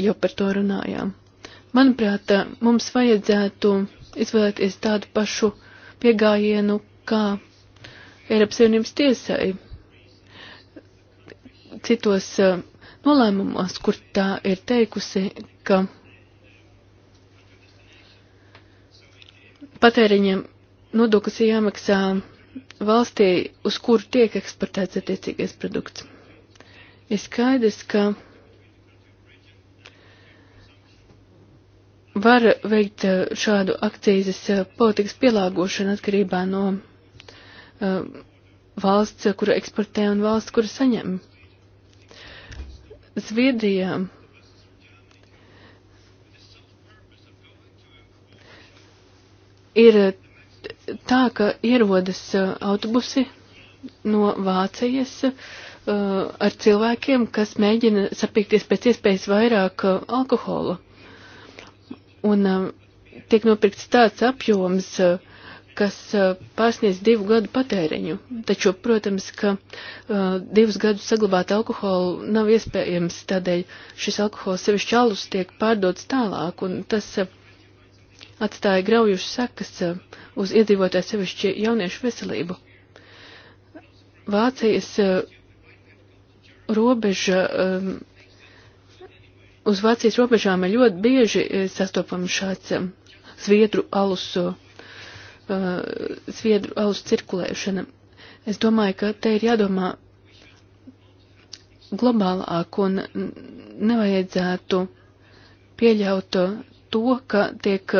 jau par to runājām. Manuprāt, eh, mums vajadzētu izvēlēties tādu pašu piegājienu kā Eiropas Savienības tiesai citos eh, nolēmumos, kur tā ir teikusi, ka patēriņiem nodoklis ir jāmaksā valstī, uz kuru tiek eksportēts attiecīgais produkts. Ir skaidrs, ka var veikt eh, šādu akcijas eh, politikas pielāgošanu atkarībā no eh, valsts, kura eksportē un valsts, kura saņem. Zviedrijā ir tā, ka ierodas autobusi no Vācijas ar cilvēkiem, kas mēģina sapīkties pēc iespējas vairāk alkohola. Un um, tiek nopirkts tāds apjoms, uh, kas uh, pārsniedz divu gadu patēriņu. Taču, protams, ka uh, divus gadus saglabāt alkoholu nav iespējams, tādēļ šis alkohols sevišķi alus tiek pārdots tālāk, un tas uh, atstāja graujuši sekas uh, uz iedzīvotāju sevišķi jauniešu veselību. Vācijas uh, robeža. Uh, uz Vācijas robežām ir ļoti bieži e, sastopams šāds e, zviedru alus, e, zviedru alus cirkulēšana. Es domāju, ka te ir jādomā globālāk un nevajadzētu pieļaut to, ka tiek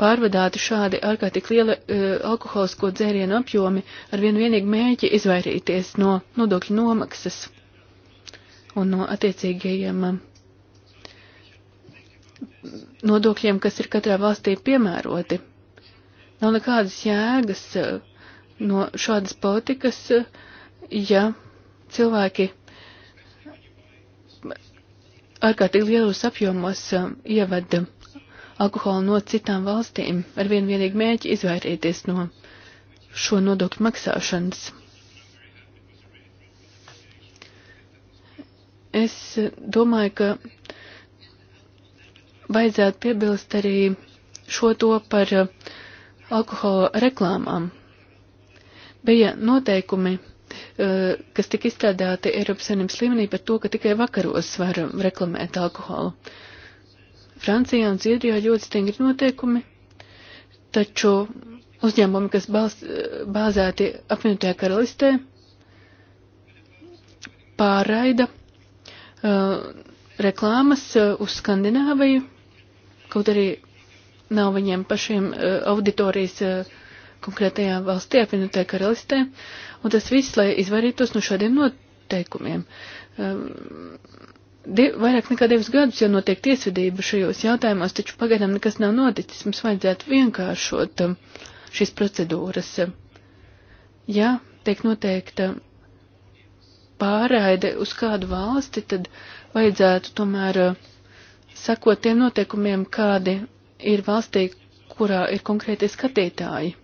pārvadāti šādi ārkārtīgi liela e, alkoholisko dzērienu apjomi ar vienu vienīgu mēķi izvairīties no nodokļu nomaksas un no attiecīgajiem nodokļiem, kas ir katrā valstī piemēroti. Nav nekādas jēgas eh, no šādas politikas, eh, ja cilvēki ārkārtīgi lielos apjomos eh, ievada alkoholu no citām valstīm ar vienu vienīgu mēķi izvairīties no šo nodokļu maksāšanas. Es domāju, ka vajadzētu piebilst arī šo to par eh, alkohola reklāmām. Bija noteikumi, eh, kas tika izstrādāti Eiropas Savienības līmenī par to, ka tikai vakaros var reklamēt alkoholu. Francijā un Zviedrijā ļoti stingri noteikumi, taču uzņēmumi, kas balst, bāzēti apvienotajā karalistē, pārraida uh, reklāmas uh, uz Skandināviju, kaut arī nav viņiem pašiem eh, auditorijas eh, konkrētajā valstī, apvienotajā karalistē, un tas viss, lai izvairītos no šādiem noteikumiem. Ehm, Div, vairāk nekā divus gadus jau notiek tiesvedība šajos jautājumos, taču pagaidām nekas nav noticis. Mums vajadzētu vienkāršot ehm, šīs procedūras. Ja tiek noteikta pārraide uz kādu valsti, tad vajadzētu tomēr uh, sakot tiem noteikumiem, kādi ir valstī, kurā ir konkrēti skatītāji.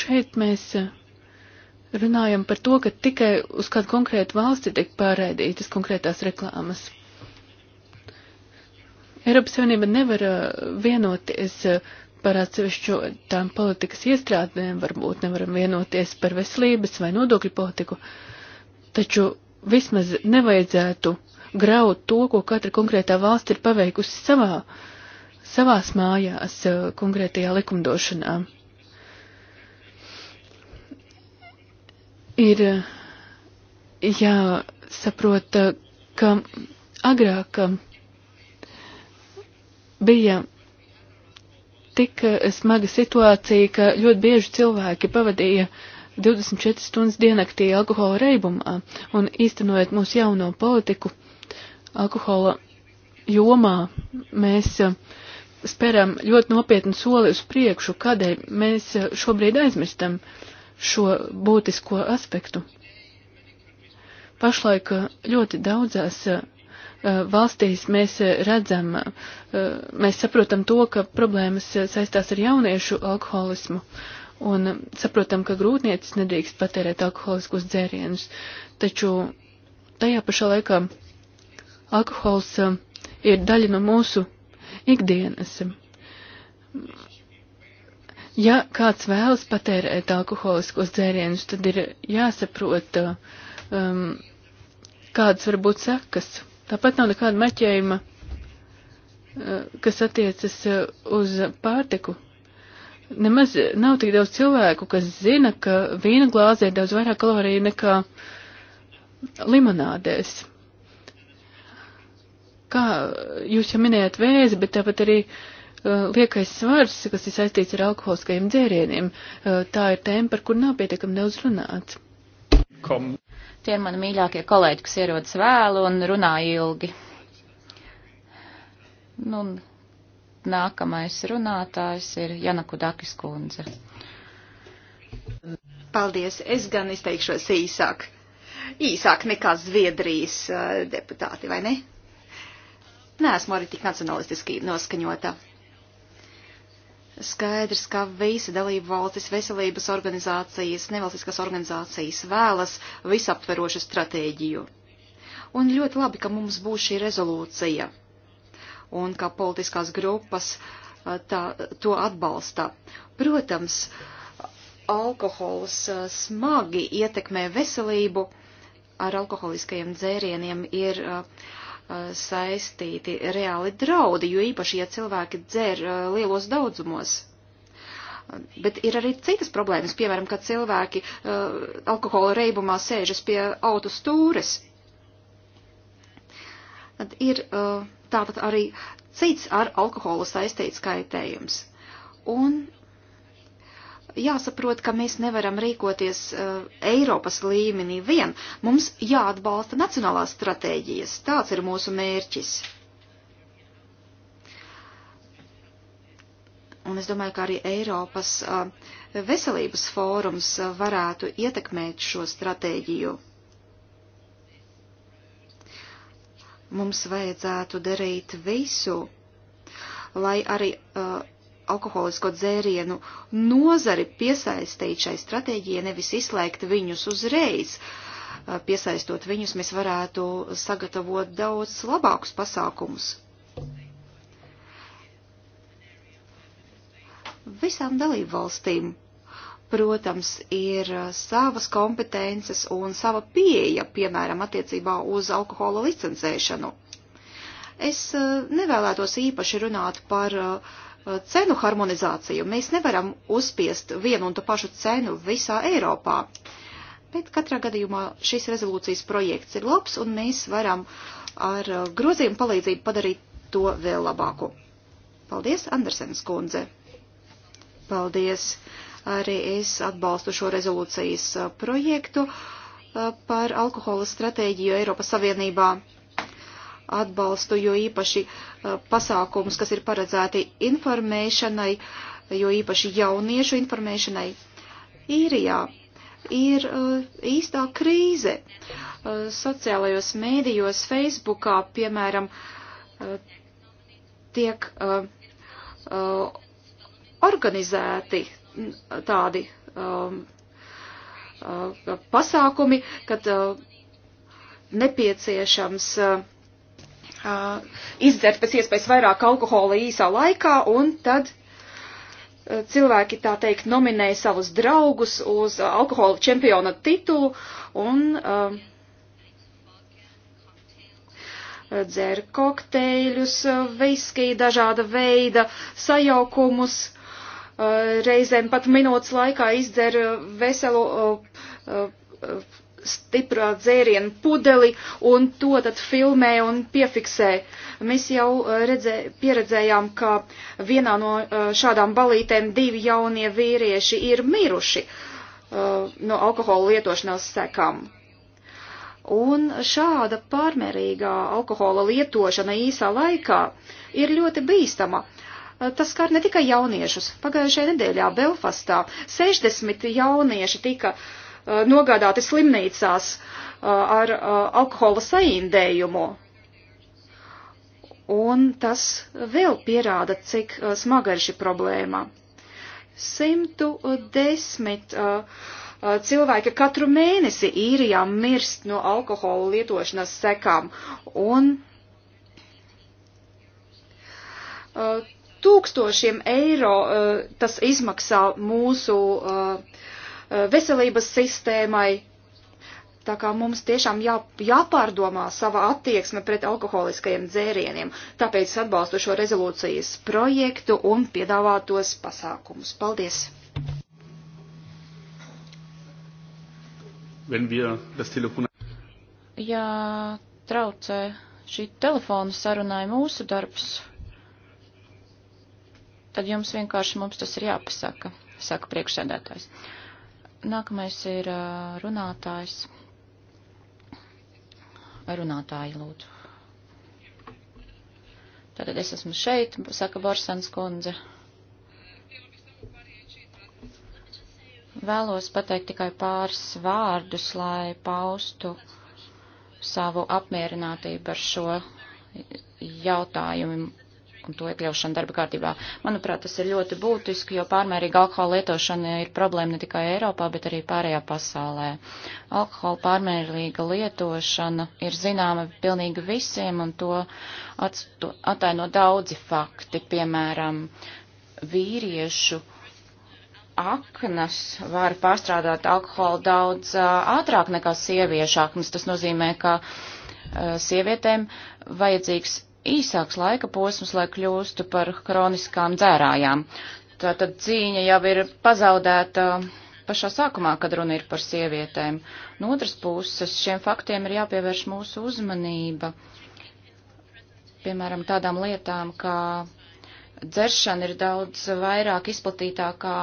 Šeit mēs eh, runājam par to, ka tikai uz kādu konkrētu valsti tiek pārraidītas konkrētās reklāmas. Eiropas Savienība nevar eh, vienoties eh, par atsevišķu tām politikas iestrādēm, varbūt nevaram vienoties par veselības vai nodokļu politiku, taču vismaz nevajadzētu uh, graud to, ko katra konkrētā valsts ir paveikusi savā, savās mājās eh, konkrētajā likumdošanā. Ir eh, jāsaprot, eh, ka agrāk bija tik smaga situācija, ka ļoti bieži cilvēki pavadīja 24 stundas diennaktī alkohola reibumā un īstenojot mūsu jauno politiku, alkohola jomā mēs eh, speram ļoti nopietnu soli uz priekšu, kādēļ mēs eh, šobrīd aizmirstam šo būtisko aspektu. Pašlaik eh, ļoti daudzās valstīs mēs redzam, mēs saprotam to, ka problēmas saistās ar jauniešu alkoholismu un saprotam, ka grūtniecis nedrīkst patērēt alkoholiskus dzērienus, taču tajā pašā laikā alkohols eh, ir daļa no mūsu ikdienas. Ja kāds vēlas patērēt alkoholiskos dzērienus, tad ir jāsaprot, eh, um, kādas var būt sekas. Tāpat nav nekāda maķējuma, eh, kas attiecas uz pārtiku. Nemaz nav tik daudz cilvēku, kas zina, ka vīna glāzē ir daudz vairāk kaloriju nekā limonādēs kā jūs jau minējāt vēzi, bet tāpat arī uh, liekais svars, kas ir saistīts ar alkoholiskajiem dzērieniem. Uh, tā ir tēma, par kur nav pietiekami daudz runāts. Kom. Tie ir mani mīļākie kolēģi, kas ierodas vēlu un runā ilgi. Nu, nākamais runātājs ir Janaku Dakis kundze. Paldies, es gan izteikšos īsāk. Īsāk nekā Zviedrijas uh, deputāti, vai ne? neesmu arī tik nacionalistiski noskaņota. Skaidrs, ka visi dalību valstis, veselības organizācijas, nevalstiskas organizācijas vēlas visaptverošu stratēģiju. Un ļoti labi, ka mums būs šī rezolūcija un ka politiskās grupas tā, to atbalsta. Protams, alkohols smagi ietekmē veselību, ar alkoholiskajiem dzērieniem ir uh, Uh, saistīti reāli draudi, jo īpaši, ja cilvēki dzer uh, lielos daudzumos. Uh, bet ir arī citas problēmas, piemēram, kad cilvēki alkohola reibumā sēžas pie auto stūres. Tad ir tātad arī cits ar alkoholu saistīts kaitējums. Un jāsaprot, ka mēs nevaram rīkoties uh, Eiropas līmenī vien. Mums jāatbalsta nacionālās stratēģijas. Tāds ir mūsu mērķis. Un es domāju, ka arī Eiropas uh, veselības fórums uh, varētu ietekmēt šo stratēģiju. Mums vajadzētu darīt visu, lai arī uh, alkoholisko dzērienu nozari piesaistīt šai stratēģijai, nevis izslēgt viņus uzreiz. Piesaistot viņus, mēs varētu sagatavot daudz labākus pasākumus. Visām dalību valstīm, protams, ir savas kompetences un sava pieeja, piemēram, attiecībā uz alkohola licencēšanu. Es nevēlētos īpaši runāt par uh, Eh, cenu harmonizāciju. Mēs nevaram uzspiest vienu un to pašu cenu visā Eiropā. Bet katrā gadījumā šīs rezolūcijas projekts ir labs, un mēs varam ar eh, grozījumu palīdzību padarīt to vēl labāku. Paldies, Andersenas kundze! Paldies! Arī es atbalstu šo rezolūcijas eh, projektu par alkohola stratēģiju Eiropas Savienībā atbalstu, jo īpaši uh, pasākumus, kas ir paredzēti informēšanai, jo īpaši jauniešu informēšanai. Īrijā ir uh, īstā krīze. Uh, sociālajos mēdījos, Facebookā, piemēram, tiek organizēti tādi um, pasākumi, kad nepieciešams uh, uh, izdzert pēc iespējas vairāk alkohola īsā laikā, un tad uh, cilvēki, tā teikt, nominēja savus draugus uz uh, alkohola čempiona titulu un uh, dzēra kokteļus, viskiju, dažāda veida sajaukumus, reizēm pat minūtes laikā izdzer veselu stiprā dzērienu pudeli un to tad filmē un piefiksē. Mēs jau uh, redzē, pieredzējām, ka vienā no uh, šādām balītēm divi jaunie vīrieši ir miruši uh, no alkohola lietošanas sekām. Un šāda pārmērīgā alkohola lietošana īsā laikā ir ļoti bīstama. Uh, tas skar ne tikai jauniešus. Pagājušajā nedēļā Belfastā 60 jaunieši tika uh, Eh, nogādāti slimnīcās eh, ar eh, alkohola saindējumu. Un tas vēl pierāda, cik smaga ir šī problēma. 110 cilvēki katru mēnesi īrijā mirst no alkohola lietošanas sekām. Un tūkstošiem eiro tas izmaksā mūsu uh, Eh, veselības sistēmai. Tā kā mums tiešām jā, jāpārdomā sava attieksme pret alkoholiskajiem dzērieniem. Tāpēc atbalstu šo rezolūcijas projektu un piedāvātos pasākumus. Paldies! Ja traucē šī telefona sarunāja mūsu darbs, tad jums vienkārši mums tas ir jāpasaka, saka priekšsēdētājs. Nākamais ir runātājs. Runātāji, lūdzu. Tātad es esmu šeit, saka Borsans kundze. Vēlos pateikt tikai pāris vārdus, lai paustu savu apmierinātību ar šo jautājumu un to iekļaušanu darba kārtībā. Manuprāt, tas ir ļoti būtiski, jo pārmērīga alkohola lietošana ir problēma ne tikai Eiropā, bet arī pārējā pasaulē. Alkohola pārmērīga lietošana ir zināma pilnīgi visiem, un to ataino daudzi fakti, piemēram, vīriešu aknas var pārstrādāt alkoholu daudz ātrāk nekā sieviešu aknas. Tas nozīmē, ka sievietēm vajadzīgs īsāks laika posms, lai kļūstu par kroniskām dzērājām. Tātad cīņa jau ir pazaudēta pašā sākumā, kad runa ir par sievietēm. No otras puses, šiem faktiem ir jāpievērš mūsu uzmanība. Piemēram, tādām lietām kā dzeršana ir daudz vairāk izplatītākā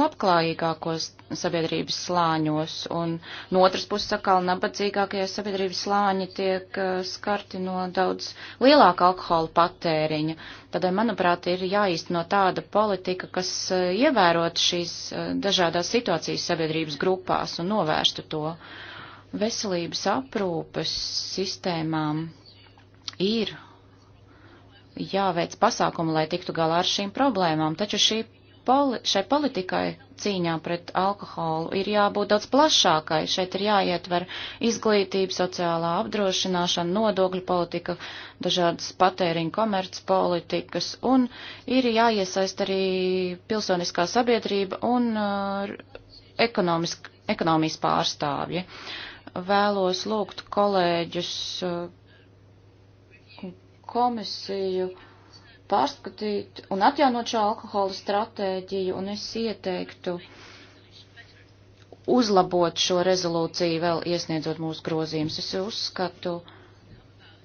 labklājīgākos sabiedrības slāņos, un no otras puses atkal nabadzīgākie sabiedrības slāņi tiek eh, skarti no daudz lielāka alkohola patēriņa. Tādēļ, manuprāt, ir jāīsteno tāda politika, kas eh, ievērot šīs eh, dažādās situācijas sabiedrības grupās un novērstu to veselības aprūpes sistēmām ir jāveic pasākumi, lai tiktu galā ar šīm problēmām, taču šī poli, šai politikai cīņā pret alkoholu ir jābūt daudz plašākai. Šeit ir jāietver izglītība, sociālā apdrošināšana, nodokļu politika, dažādas patēriņa komerc politikas un ir jāiesaist arī pilsoniskā sabiedrība un uh, ekonomisk, ekonomijas pārstāvji. Vēlos lūgt kolēģus. Uh, komisiju pārskatīt un atjaunot šo alkohola stratēģiju, un es ieteiktu uzlabot šo rezolūciju vēl iesniedzot mūsu grozījumus. Es uzskatu,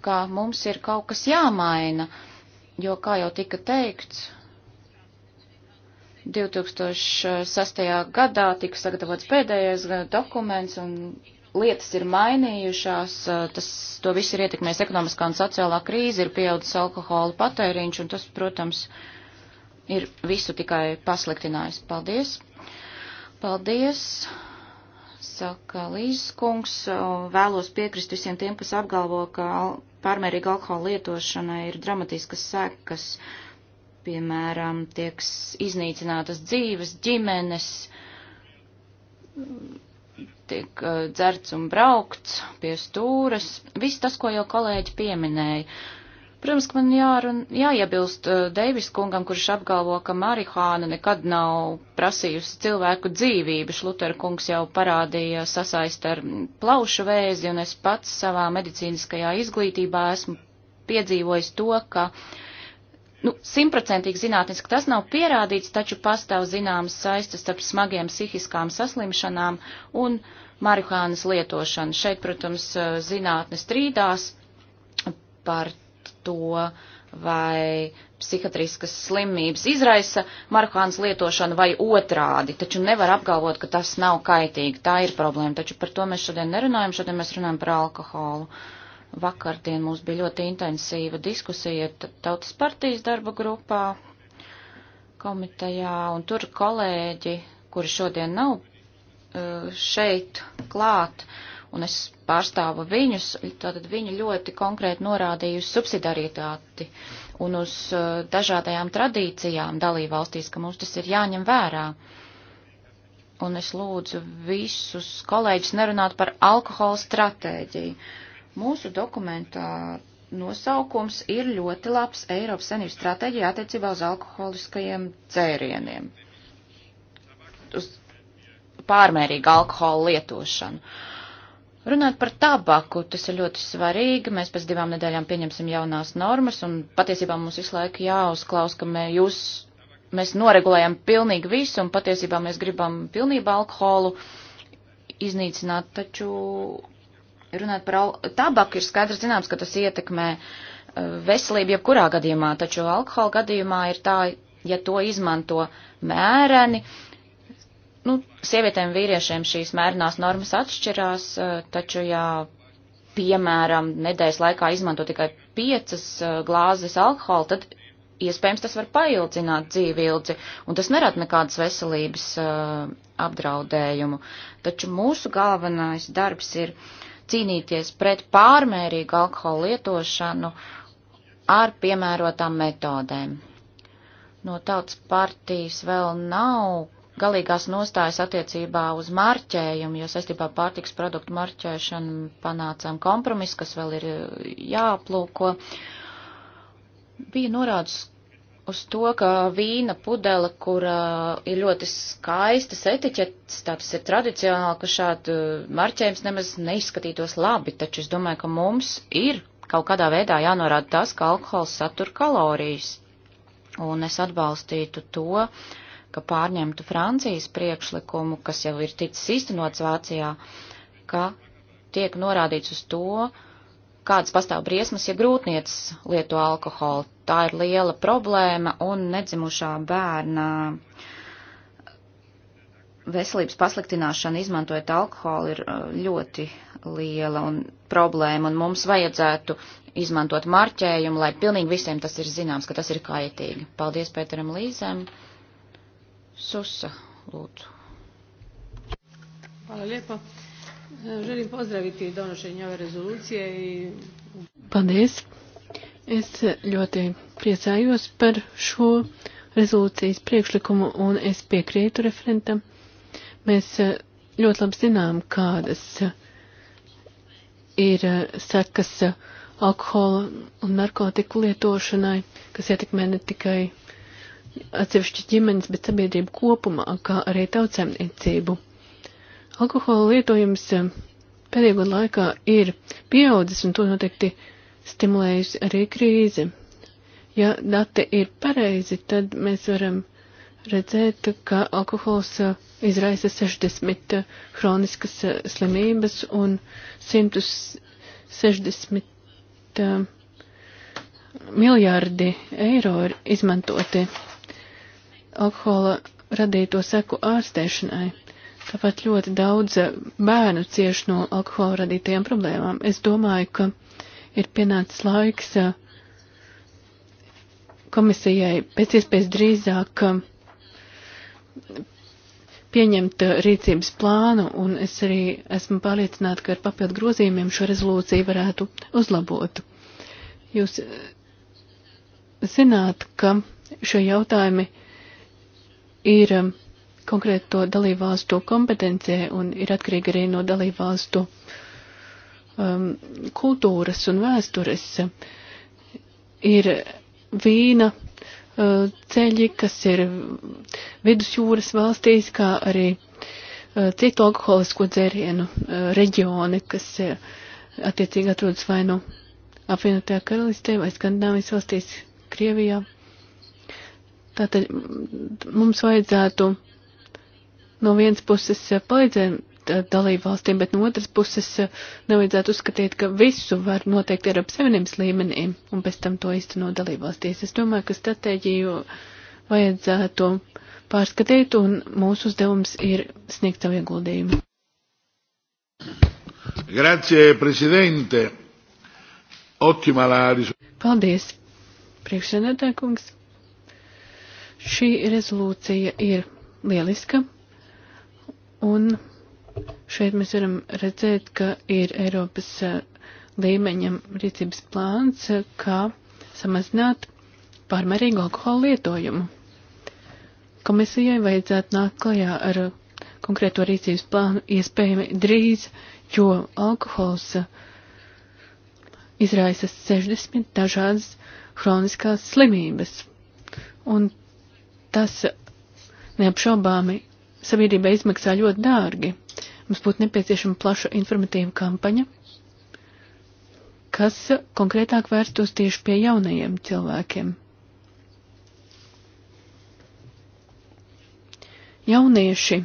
ka mums ir kaut kas jāmaina, jo, kā jau tika teikts, 2006. gadā tika sagatavots pēdējais dokuments, un lietas ir mainījušās, tas, to viss ir ietekmējis ekonomiskā un sociālā krīze, ir pieaudzis alkohola patēriņš, un tas, protams, ir visu tikai pasliktinājis. Paldies! Paldies! Saka Līzes kungs, vēlos piekrist visiem tiem, kas apgalvo, ka pārmērīga alkohola lietošana ir dramatiskas sekas, piemēram, tiek iznīcinātas dzīves, ģimenes, tiek uh, dzerts un braukts pie stūras, viss tas, ko jau kolēģi pieminēja. Protams, ka man jārun, jāiebilst uh, Deivis kungam, kurš apgalvo, ka marihāna nekad nav prasījusi cilvēku dzīvību. Šluter kungs jau parādīja sasaist ar plaušu vēzi, un es pats savā medicīniskajā izglītībā esmu piedzīvojis to, ka uh, Nu, simtprocentīgi zinātniski tas nav pierādīts, taču pastāv zināmas saistas starp smagiem psihiskām saslimšanām un marihuānas lietošanu. Šeit, protams, zinātne strīdās par to, vai psihatriskas slimības izraisa marihuānas lietošanu vai otrādi, taču nevar apgalvot, ka tas nav kaitīgi, tā ir problēma, taču par to mēs šodien nerunājam, šodien mēs runājam par alkoholu. Uh, Vakardien mums bija ļoti intensīva diskusija Tautas partijas darba grupā, komitejā, un tur kolēģi, kuri šodien nav eh, šeit klāt, un es pārstāvu viņus, tātad viņi ļoti konkrēti norādīja uz subsidarietāti un uz eh, dažādajām tradīcijām dalībvalstīs, ka mums tas ir jāņem vērā. Un es lūdzu visus kolēģus nerunāt par alkohola stratēģiju. Uh, Mūsu dokumentā nosaukums ir ļoti labs Eiropas Savienības stratēģija attiecībā uz alkoholiskajiem dzērieniem, uz pārmērīgu alkoholu lietošanu. Runāt par tabaku, tas ir ļoti svarīgi. Mēs pēc divām nedēļām pieņemsim jaunās normas, un patiesībā mums visu laiku jāuzklaus, ka mē jūs, mēs noregulējam pilnīgi visu, un patiesībā mēs gribam pilnību alkoholu iznīcināt, taču Runāt par tabaku ir skaidrs zināms, ka tas ietekmē uh, veselību jebkurā gadījumā, taču alkohola gadījumā ir tā, ja to izmanto mēreni, nu, sievietēm vīriešiem šīs mērenās normas atšķirās, uh, taču, ja, piemēram, nedēļas laikā izmanto tikai piecas uh, glāzes alkohola, tad iespējams tas var paildzināt dzīvi ilgi, un tas nerada nekādas veselības uh, apdraudējumu. Taču mūsu galvenais darbs ir cīnīties pret pārmērīgu alkohola lietošanu ar piemērotām metodēm. No tautas partijas vēl nav galīgās nostājas attiecībā uz marķējumu, jo saistībā pārtiks produktu marķēšanu panācām kompromisu, kas vēl ir jāaplūko. Bija norādes, uz to, ka vīna pudele, kur uh, ir ļoti skaistas etiķetes, tā tas ir tradicionāli, ka šādu marķējums nemaz neizskatītos labi, taču es domāju, ka mums ir kaut kādā veidā jānorāda tas, ka alkohols satur kalorijas. Un es atbalstītu to, ka pārņemtu Francijas priekšlikumu, kas jau ir ticis īstenots Vācijā, ka tiek norādīts uz to, uh, kādas pastāv briesmas, ja grūtniecis lieto alkoholu. Tā ir liela problēma un nedzimušā bērna veselības pasliktināšana izmantojot alkoholu ir uh, ļoti liela un problēma, un mums vajadzētu izmantot marķējumu, lai pilnīgi visiem tas ir zināms, ka tas ir kaitīgi. Paldies Pēteram Līzēm. Susa, lūdzu. Hvala lijepo. Želim pozdraviti donošenje ove rezolūcije. I... Paldies! Es ļoti priecājos par šo rezolūcijas priekšlikumu un es piekrītu referentam. Mēs ļoti labi zinām, kādas ir sekas alkohola un narkotiku lietošanai, kas ietekmē ne tikai atsevišķas ģimenes, bet sabiedrību kopumā, kā arī tautsēmniecību alkohola lietojums eh, pēdējo gadu laikā ir pieaudzis, un to noteikti stimulējusi arī krīze. Ja dati ir pareizi, tad mēs varam redzēt, ka alkohols eh, izraisa 60 eh, hroniskas slimības un 160 miljārdi eiro ir izmantoti alkohola radīto seku ārstēšanai. Tāpat ļoti daudz bērnu cieš no alkohola radītajām problēmām. Es domāju, ka ir pienācis laiks uh, komisijai pēc iespējas drīzāk uh, pieņemt uh, rīcības plānu, un es arī esmu pārliecināta, ka ar papildu grozījumiem šo rezolūciju varētu uzlabot. Jūs zināt, ka šie jautājumi ir um, konkrēto dalībvalstu kompetencijai un ir atkarīga arī no dalībvalstu um, kultūras un vēstures. Ir vīna uh, ceļi, kas ir vidusjūras valstīs, kā arī uh, citu alkoholisko dzērienu uh, reģioni, kas uh, attiecīgi atrodas vai nu apvienotajā karalistē vai Skandināvijas valstīs, Krievijā. Tātad mm, mums vajadzētu no vienas puses eh, palīdzējam eh, dalību valstīm, bet no otras puses eh, nevajadzētu uzskatīt, ka visu var noteikt Eiropas Savienības līmenī un pēc tam to īstenot dalību valstīs. Es domāju, ka stratēģiju vajadzētu pārskatīt un mūsu uzdevums ir sniegt savu ieguldījumu. Grazie, prezidente. Ottima la Paldies, priekšsēdētāj kungs. Šī rezolūcija ir lieliska. Un šeit mēs varam redzēt, ka ir Eiropas eh, līmeņam rīcības plāns, eh, kā samazināt pārmērīgu alkohola lietojumu. Komisijai vajadzētu nākt klajā ar konkrēto rīcības plānu iespējami drīz, jo alkohols eh, izraisa 60 dažādas hroniskās slimības. Un tas neapšaubāmi sabiedrībai izmaksā ļoti dārgi. Mums būtu nepieciešama plaša informatīva kampaņa, kas konkrētāk vērstos tieši pie jaunajiem cilvēkiem. Jaunieši,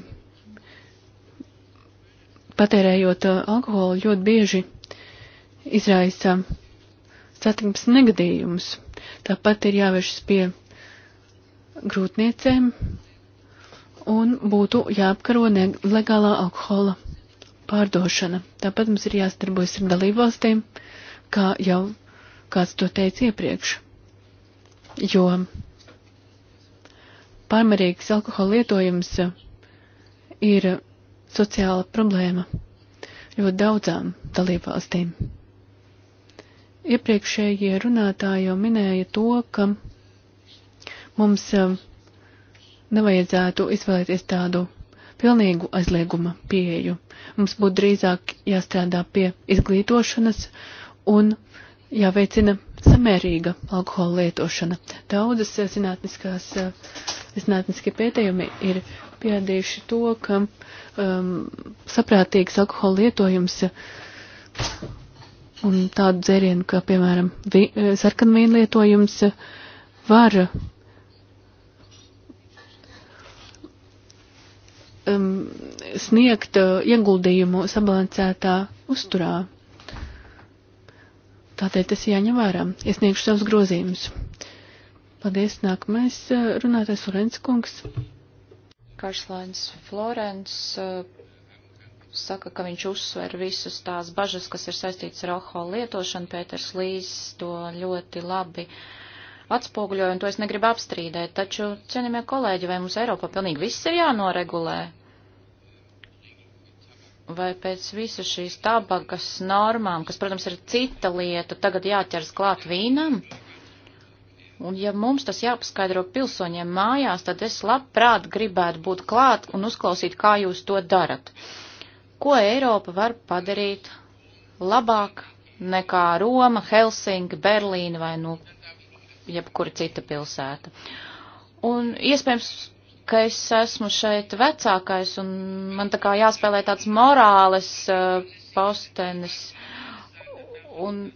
patērējot uh, alkoholu, ļoti bieži izraisa satiksmes negadījumus. Tāpat ir jāvēršas pie grūtniecēm, un būtu jāapkaro nelegālā alkohola pārdošana. Tāpat mums ir jāsadarbojas ar dalībvalstīm, kā jau kāds to teica iepriekš. Jo pārmērīgs alkohola lietojums ir sociāla problēma ļoti daudzām dalībvalstīm. Iepriekšējie runātāji jau minēja to, ka mums nevajadzētu izvēlēties tādu pilnīgu aizlieguma pieeju. Mums būtu drīzāk jāstrādā pie izglītošanas un jāveicina samērīga alkohola lietošana. Daudzas eh, zinātniskās, eh, zinātniskie pētījumi ir pierādījuši to, ka um, saprātīgs alkohola lietojums un tādu dzērienu, kā piemēram vi, eh, sarkanvīnu lietojums, var um, sniegt uh, ieguldījumu sabalansētā uzturā. Tātad tas jāņem vērā. Iesniegšu savus grozījumus. Paldies. Nākamais uh, runātais Florence kungs. Karšlains Florence uh, saka, ka viņš uzsver visas tās bažas, kas ir saistīts ar alkohola lietošanu. Pēters Līs to ļoti labi uh, atspoguļoja, un to es negribu apstrīdēt. Taču, cienījamie kolēģi, vai mums Eiropā pilnīgi viss ir jānoregulē? Vai pēc visas šīs tabakas normām, kas, protams, ir cita lieta, tagad jāķers klāt vīnam? Un ja mums tas jāpaskaidro pilsoņiem mājās, tad es labprāt gribētu būt klāt un uzklausīt, kā jūs to darat. Ko Eiropa var padarīt labāk nekā Roma, Helsinki, Berlīna vai nu jebkura cita pilsēta. Un iespējams, ka es esmu šeit vecākais un man tā kā jāspēlē tāds morāles uh, postenis. Un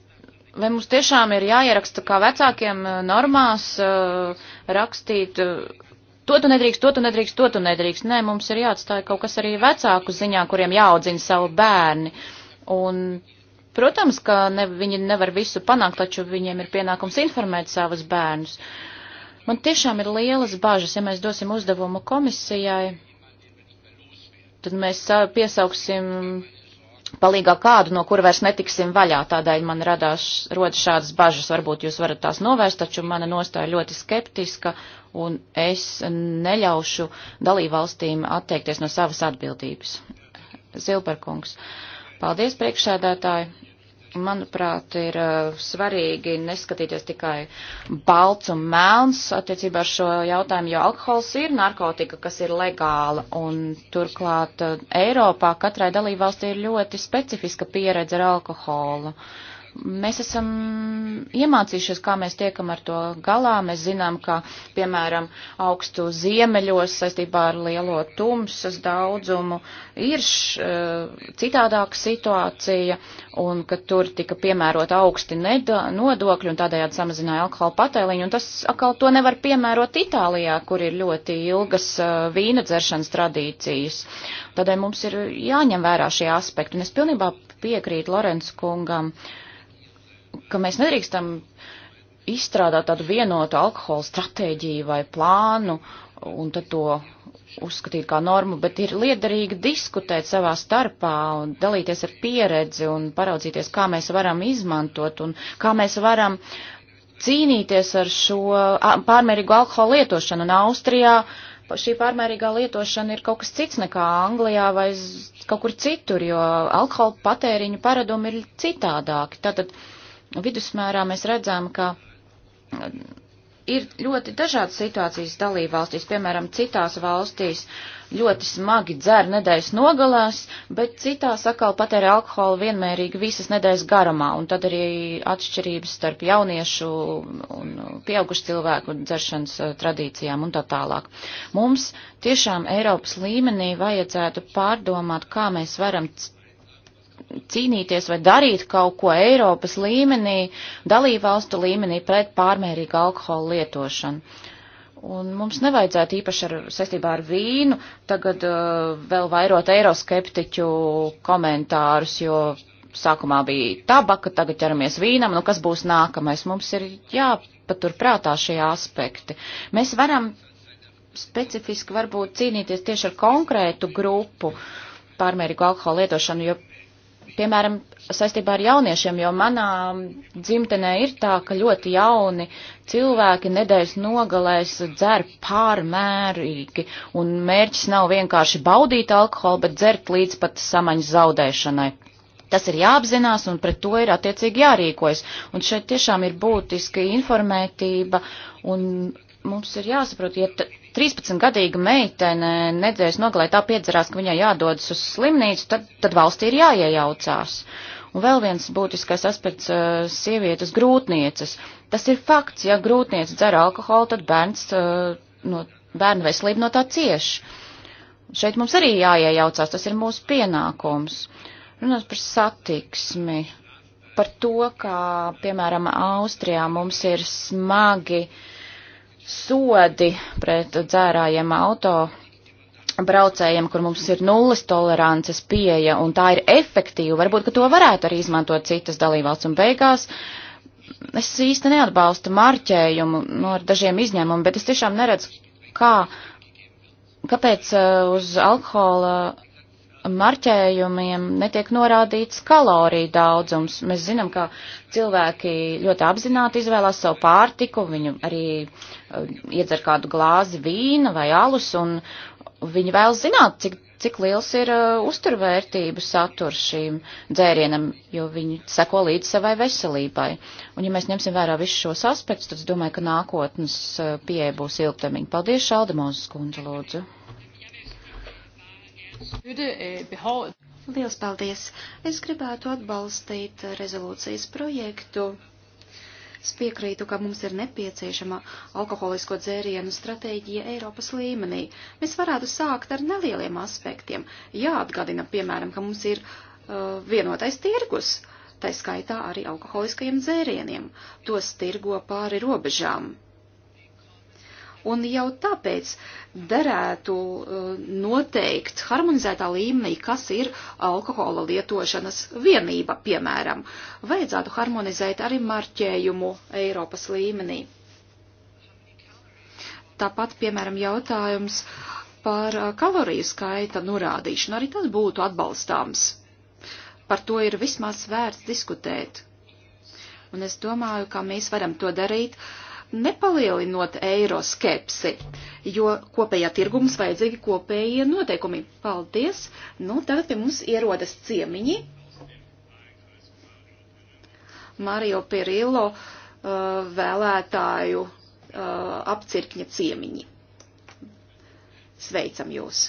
vai mums tiešām ir jāieraksta kā vecākiem uh, normās uh, rakstīt. Uh, To tu nedrīkst, to tu nedrīkst, to tu nedrīkst. Nē, mums ir jāatstāja kaut kas arī vecāku ziņā, kuriem jāaudzina savu bērni. Un Protams, ka ne, viņi nevar visu panākt, taču viņiem ir pienākums informēt savus bērnus. Man tiešām ir lielas bažas, ja mēs dosim uzdevumu komisijai, tad mēs piesauksim palīgā kādu, no kura vairs netiksim vaļā. Tādēļ man radās, rodas šādas bažas, varbūt jūs varat tās novērst, taču mana nostāja ļoti skeptiska, un es neļaušu dalībvalstīm atteikties no savas atbildības. Zilperkungs. Uh, Paldies, priekšsēdētāji! manuprāt, ir uh, svarīgi neskatīties tikai balts un melns attiecībā ar šo jautājumu, jo alkohols ir narkotika, kas ir legāla. Un turklāt uh, Eiropā katrai dalībvalstī ir ļoti specifiska pieredze ar alkoholu. Uh, mēs esam iemācījušies, kā mēs tiekam ar to galā. Mēs zinām, ka, piemēram, augstu ziemeļos saistībā ar lielo tumsas daudzumu ir š, eh, citādāka situācija un ka tur tika piemērot augsti nodokļi un tādējādi samazināja alkohola patēliņu. Un tas atkal to nevar piemērot Itālijā, kur ir ļoti ilgas eh, vīna dzeršanas tradīcijas. Tādēļ mums ir jāņem vērā šie aspekti. Un es pilnībā piekrītu Lorenz kungam. Uh, ka mēs nedrīkstam izstrādāt tādu vienotu alkohola stratēģiju vai plānu un tad to uzskatīt kā normu, bet ir liederīgi diskutēt savā starpā un dalīties ar pieredzi un paraudzīties, kā mēs varam izmantot un kā mēs varam cīnīties ar šo pārmērīgu alkohola lietošanu. Un Austrijā šī pārmērīgā lietošana ir kaut kas cits nekā Anglijā vai kaut kur citur, jo alkohola patēriņu paradumi ir citādāki. Tātad, vidusmērā mēs redzam, ka um, ir ļoti dažādas situācijas dalībvalstīs. Piemēram, citās valstīs ļoti smagi dzer nedēļas nogalās, bet citās atkal patērē alkoholu vienmērīgi visas nedēļas garumā. Un tad arī atšķirības starp jauniešu un pieaugušu cilvēku dzeršanas uh, tradīcijām un tā tālāk. Mums tiešām Eiropas līmenī vajadzētu pārdomāt, kā mēs varam cīnīties vai darīt kaut ko Eiropas līmenī, dalībvalstu līmenī pret pārmērīgu alkoholu lietošanu. Un mums nevajadzētu īpaši ar, saistībā ar vīnu tagad uh, vēl vairot eiroskeptiķu komentārus, jo sākumā bija tabaka, tagad ķeramies vīnam, nu kas būs nākamais? Mums ir jāpatur prātā šie aspekti. Mēs varam specifiski varbūt cīnīties tieši ar konkrētu grupu pārmērīgu alkoholu lietošanu, jo piemēram, saistībā ar jauniešiem, jo manā dzimtenē ir tā, ka ļoti jauni cilvēki nedēļas nogalēs dzer pārmērīgi, un mērķis nav vienkārši baudīt alkoholu, bet dzert līdz pat samaņas zaudēšanai. Tas ir jāapzinās un pret to ir attiecīgi jārīkojas. Un šeit tiešām ir būtiski informētība un mums ir jāsaprot, ja 13-gadīga meitene nedēļas nogalē tā piedzerās, ka viņai jādodas uz slimnīcu, tad, tad valstī ir jāiejaucās. Un vēl viens būtiskais aspekts uh, - sievietes grūtnieces. Tas ir fakts, ja grūtniece dzer alkoholu, tad bērns, uh, no, bērnu veselība no tā cieš. Šeit mums arī jāiejaucās, tas ir mūsu pienākums. Runāt par satiksmi, par to, kā, piemēram, Austrijā mums ir smagi uh, sodi pret dzērājiem auto braucējiem, kur mums ir nulles tolerances pieeja un tā ir efektīva. Varbūt, ka to varētu arī izmantot citas dalībvalsts un beigās. Es īsti neatbalstu marķējumu no nu, ar dažiem izņēmumiem, bet es tiešām neredzu, kā, kāpēc uh, uz alkohola marķējumiem netiek norādīts kaloriju daudzums. Mēs zinām, ka cilvēki ļoti apzināti izvēlās savu pārtiku, viņu arī uh, iedzer kādu glāzi vīna vai alus, un viņi vēl zināt, cik, cik liels ir uh, uzturvērtību saturs šīm dzērienam, jo viņi seko līdz savai veselībai. Un ja mēs ņemsim vērā visus šos aspektus, tad es domāju, ka nākotnes uh, pieeja būs ilgtermiņa. Paldies, Šaldemozes kundze, lūdzu. Øh, Liels paldies! Es gribētu atbalstīt rezolūcijas projektu. Es piekrītu, ka mums ir nepieciešama alkoholisko dzērienu stratēģija Eiropas līmenī. Mēs varētu sākt ar nelieliem aspektiem. Jāatgādina, piemēram, ka mums ir uh, vienotais tirgus, tai skaitā arī alkoholiskajiem dzērieniem. Tos tirgo pāri robežām. Uh, Un jau tāpēc derētu uh, noteikt harmonizētā līmenī, kas ir alkohola lietošanas vienība, piemēram. Vajadzētu harmonizēt arī marķējumu Eiropas līmenī. Tāpat, piemēram, jautājums par uh, kaloriju skaita norādīšanu. Arī tas būtu atbalstāms. Par to ir vismaz vērts diskutēt. Un es domāju, ka mēs varam to darīt uh, nepalielinot eiroskepsi, jo kopējā tirgums vajadzīgi kopējie noteikumi. Paldies! Nu, tagad pie mums ierodas ciemiņi. Mario Pirillo uh, vēlētāju uh, apcirkņa ciemiņi. Sveicam jūs!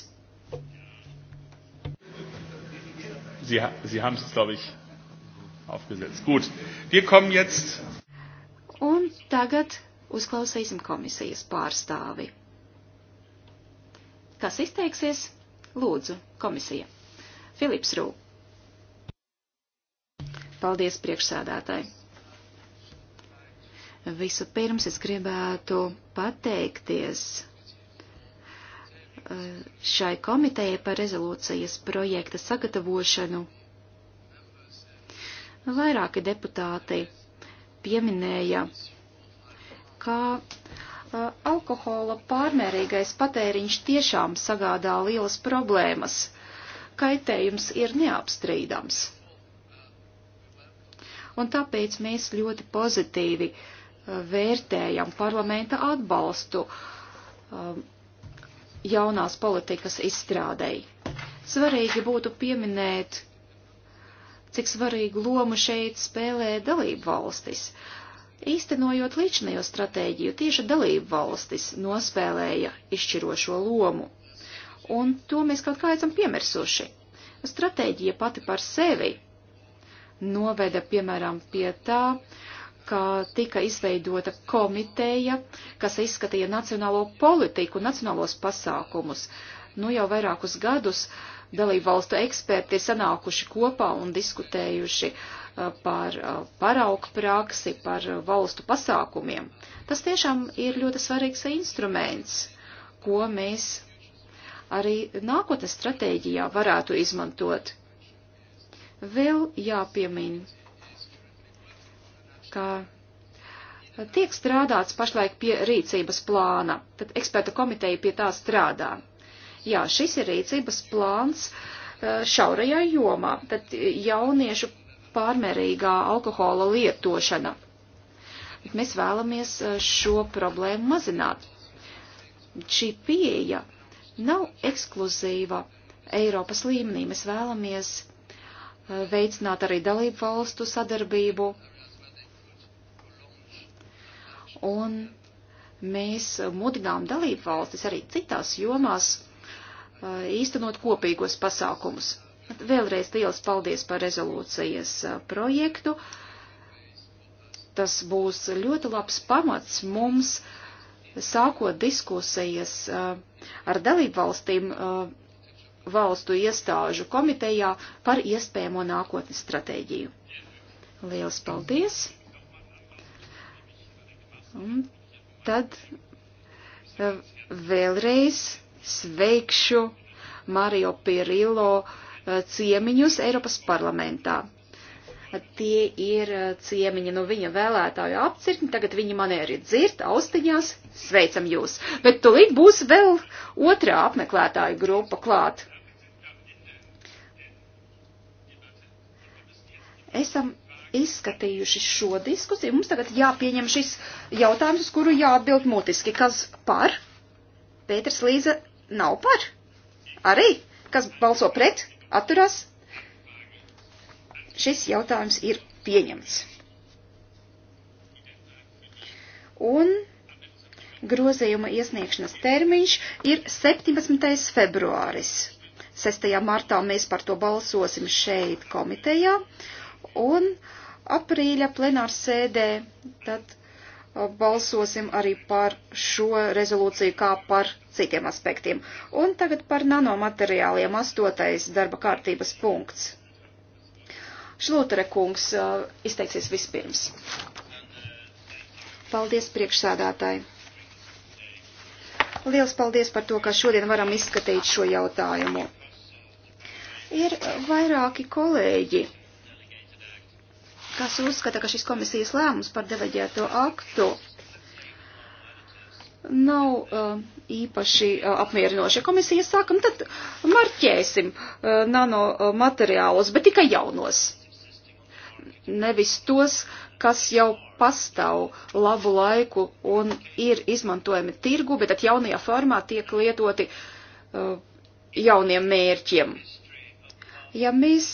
Sie, Sie haben es, glaube ich, aufgesetzt. Gut, wir kommen jetzt. Und tagad uzklausīsim komisijas pārstāvi. Kas izteiksies? Lūdzu, komisija. Filips Rū. Paldies priekšsēdētāji. Visu pirms es gribētu pateikties eh, šai komitejai par rezolūcijas projekta sagatavošanu. Vairāki deputāti pieminēja ka alkohola pārmērīgais patēriņš tiešām sagādā lielas problēmas. Kaitējums ir neapstrīdams. Un tāpēc mēs ļoti pozitīvi vērtējam parlamenta atbalstu jaunās politikas izstrādēji. Svarīgi būtu pieminēt, cik svarīgu lomu šeit spēlē dalību valstis. Uh, Īstenojot līdšanējo stratēģiju, tieši dalību valstis nospēlēja izšķirošo lomu, un to mēs kaut kā esam piemirsuši. Stratēģija pati par sevi noveda, piemēram, pie tā, ka tika izveidota komiteja, kas izskatīja nacionālo politiku un nacionālos pasākumus. Nu jau vairākus gadus dalību valstu eksperti ir sanākuši kopā un diskutējuši uh, Eh, par eh, paraugu praksi, par valstu pasākumiem. Tas tiešām ir ļoti svarīgs instruments, ko mēs arī nākotnes stratēģijā varētu izmantot. Vēl jāpiemin, ka tiek strādāts pašlaik pie rīcības plāna, tad eksperta komiteja pie tā strādā. Jā, šis ir rīcības plāns eh, šaurajā jomā, tad jauniešu pārmērīgā alkohola lietošana. Bet mēs vēlamies eh, šo problēmu mazināt. Šī pieeja nav ekskluzīva Eiropas līmenī. Mēs vēlamies eh, veicināt arī dalību valstu sadarbību. Un mēs mudinām dalību valstis arī citās jomās eh, īstenot kopīgos pasākumus. Vēlreiz liels paldies par rezolūcijas projektu. Tas būs ļoti labs pamats mums, sākot diskusijas ar dalību valstīm valstu iestāžu komitejā par iespējamo nākotnes stratēģiju. Liels paldies! Un tad vēlreiz sveikšu Mario Pirillo Uh, ciemiņus Eiropas parlamentā. Tie ir uh, ciemiņi no viņa vēlētāju apcirkņi, tagad viņi man arī dzird austiņās, sveicam jūs. Bet tulīt būs vēl otrā apmeklētāju grupa klāt. Esam izskatījuši šo diskusiju. Mums tagad jāpieņem šis jautājums, uz kuru jāatbild mutiski. Kas par? Pēters Līza nav par. Arī? Kas balso pret? atturās. Šis jautājums ir pieņemts. Un grozījuma iesniegšanas termiņš ir 17. februāris. 6. martā mēs par to balsosim šeit komitejā un aprīļa plenārsēdē tad balsosim arī par šo rezolūciju kā par citiem aspektiem. Un tagad par nanomateriāliem astotais darba kārtības punkts. Šlūtere kungs izteiksies vispirms. Paldies priekšsādātāji. Liels paldies par to, ka šodien varam izskatīt šo jautājumu. Ir vairāki kolēģi, kas uzskata, ka šis komisijas lēmums par deleģēto aktu nav uh, īpaši uh, apmierinoši. Komisija saka, nu, tad marķēsim uh, nano uh, materiālus, bet tikai jaunos. Nevis tos, kas jau pastāv labu laiku un ir izmantojami tirgu, bet at jaunajā formā tiek lietoti uh, jauniem mērķiem. Ja mēs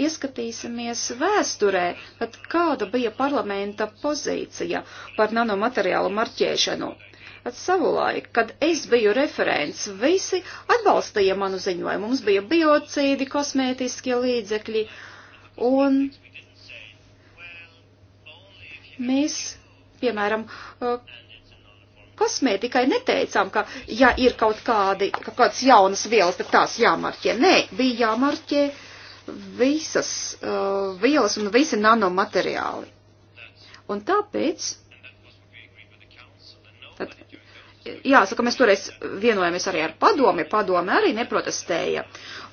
ieskatīsimies vēsturē, tad kāda bija parlamenta pozīcija par nanomateriālu marķēšanu. At savulaik, kad es biju referents, visi atbalstīja manu ziņojumu. Mums bija biocīdi, kosmētiskie līdzekļi, un mēs, piemēram, uh, kosmētikai neteicām, ka, ja ir kaut kādi, kaut kādas jaunas vielas, tad tās jāmarķē. Nē, bija jāmarķē uh, visas uh, vielas un visi nanomateriāli. Un tāpēc, tad, jāsaka, mēs toreiz vienojamies arī ar padomi, padomi arī neprotestēja.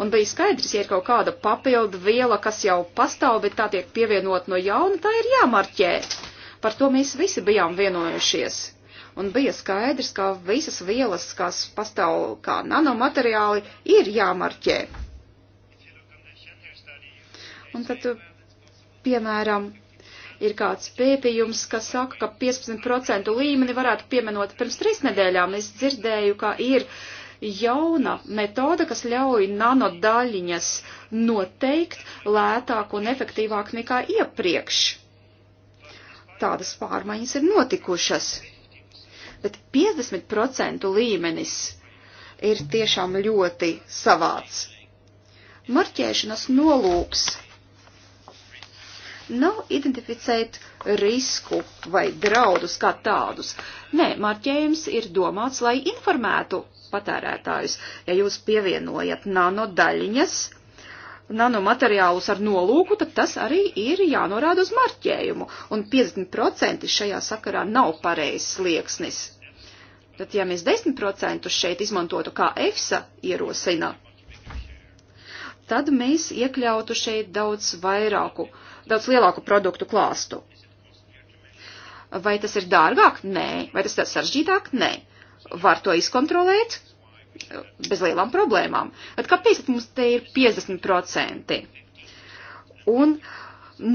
Un bija skaidrs, ja ir kaut kāda papildu viela, kas jau pastāv, bet tā tiek pievienot no jauna, tā ir jāmarķē. Par to mēs visi bijām vienojušies. Un bija skaidrs, ka visas vielas, kas pastāv kā nanomateriāli, ir jāmarķē. Un tad, piemēram, ir kāds pētījums, kas saka, ka 15% līmeni varētu pieminot pirms trīs nedēļām. Es dzirdēju, ka ir jauna metode, kas ļauj nanodaļiņas noteikt lētāk un efektīvāk nekā iepriekš. Tādas pārmaiņas ir notikušas. Bet 50% līmenis ir tiešām ļoti savāds. Marķēšanas nolūks nav identificēt risku vai draudus kā tādus. Nē, marķējums ir domāts, lai informētu patērētājus. Ja jūs pievienojat nanodaļiņas, nanomateriālus ar nolūku, tad tas arī ir jānorāda uz marķējumu. Un 50% šajā sakarā nav pareizs slieksnis. Tad, ja mēs 10% šeit izmantotu, kā EFSA ierosina, tad mēs iekļautu šeit daudz vairāku daudz lielāku produktu klāstu. Vai tas ir dārgāk? Nē. Vai tas ir saržģītāk? Nē. Var to izkontrolēt bez lielām problēmām. Tad kāpēc tad mums te ir 50%? Un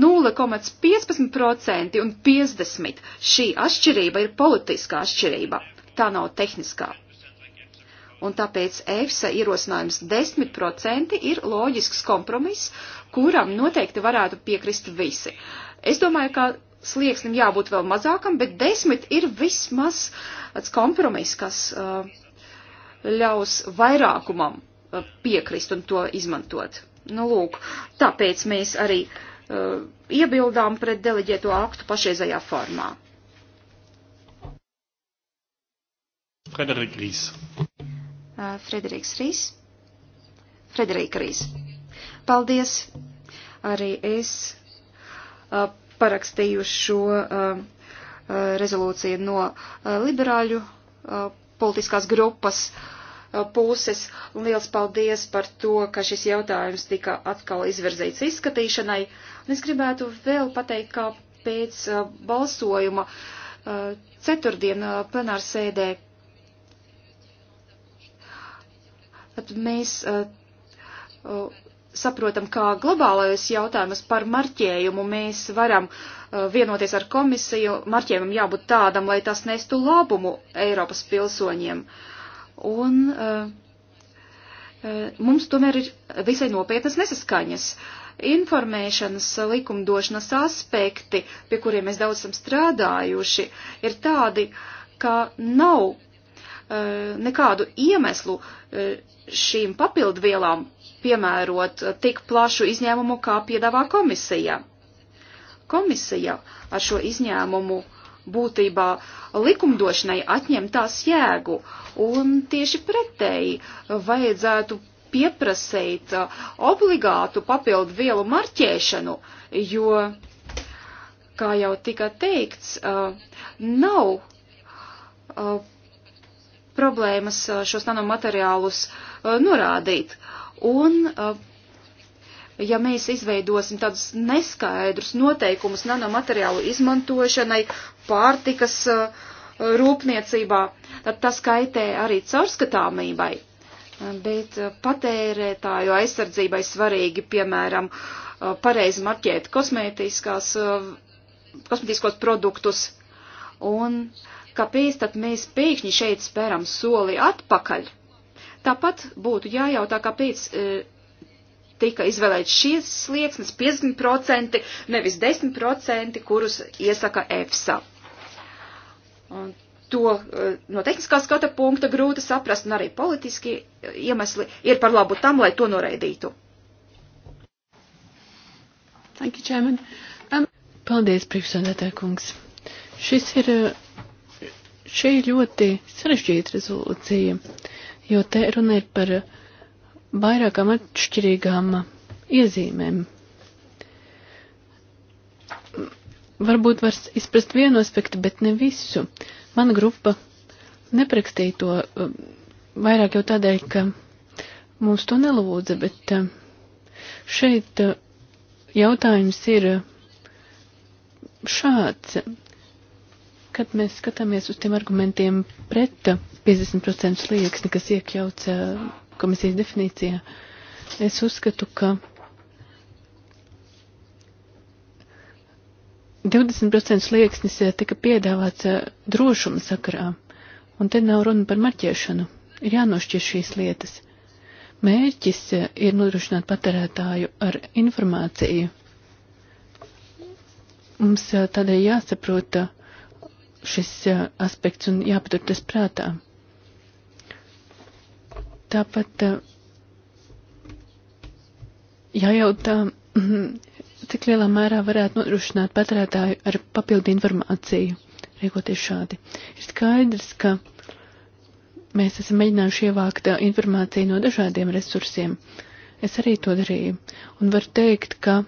0,15% un 50% šī atšķirība ir politiskā atšķirība. Tā nav tehniskā un tāpēc EFSA ierosinājums 10% ir loģisks kompromiss, kuram noteikti varētu piekrist visi. Es domāju, ka slieksnim jābūt vēl mazākam, bet 10 ir vismaz tāds kompromiss, kas uh, ļaus vairākumam uh, piekrist un to izmantot. Nu, lūk, tāpēc mēs arī uh, iebildām pret deleģēto aktu pašreizajā formā. Frederik Ries. Uh, Frederiks Rīs. Frederika Rīs. Paldies! Arī es uh, parakstīju šo uh, rezolūciju no liberāļu politiskās grupas puses. Liels paldies par to, ka šis jautājums tika atkal izvirzīts izskatīšanai. Un es gribētu vēl pateikt, ka pēc balsojuma ceturtdien plenārsēdē Tad mēs uh, uh, saprotam, kā globālais jautājums par marķējumu mēs varam uh, vienoties ar komisiju. Marķējumam jābūt tādam, lai tas nestu labumu Eiropas pilsoņiem. Un uh, uh, mums tomēr ir visai nopietnas nesaskaņas. Informēšanas likumdošanas aspekti, pie kuriem mēs daudz esam strādājuši, ir tādi, ka nav Eh, nekādu iemeslu eh, šīm papildvielām piemērot tik plašu izņēmumu, kā piedāvā komisija. Komisija ar šo izņēmumu būtībā likumdošanai atņem tās jēgu, un tieši pretēji vajadzētu pieprasīt eh, obligātu papildu vielu marķēšanu, jo, kā jau tika teikts, nav problēmas šos nanomateriālus norādīt. Un, ja mēs izveidosim tādus neskaidrus noteikumus nanomateriālu izmantošanai pārtikas rūpniecībā, tad tas kaitē arī caurskatāmībai. Bet patērētāju aizsardzībai svarīgi, piemēram, pareizi marķēt kosmētiskos produktus un uh, kāpēc tad mēs pēkšņi šeit spēram soli atpakaļ. Tāpat būtu jājautā, kāpēc e, tika izvēlēts šīs slieksnes 50%, nevis 10%, kurus iesaka EFSA. Un to e, no tehniskā skata punkta grūti saprast, un arī politiski iemesli ir par labu tam, lai to noraidītu. Thank you, Chairman. Um, paldies, priekšsēdētāj kungs. Šis ir e, Šī ir ļoti sarežģīta rezolūcija, jo te runa ir par vairākām atšķirīgām iezīmēm. Varbūt var izprast vienu aspektu, bet ne visu. Mana grupa neprakstīja to um, vairāk jau tādēļ, ka mums to nelūdza, bet um, šeit uh, jautājums ir šāds. Kad mēs skatāmies uz tiem argumentiem pret 50% slieksni, kas iekļauts eh, komisijas definīcijā, es uzskatu, ka 20% slieksnis eh, tika piedāvāts eh, drošuma sakarā, un te nav runa par marķēšanu. Ir jānošķir šīs lietas. Mērķis ir nodrošināt patērētāju ar informāciju. Mums tādēļ jāsaprota, šis eh, aspekts un jāpatur tas prātā. Tāpat eh, jājautā, mhm, cik lielā mērā varētu nodrošināt patērētāju ar papildu informāciju, rīkoties šādi. Ir skaidrs, ka mēs esam mēģinājuši ievākt eh, informāciju no dažādiem resursiem. Es arī to darīju. Un var teikt, ka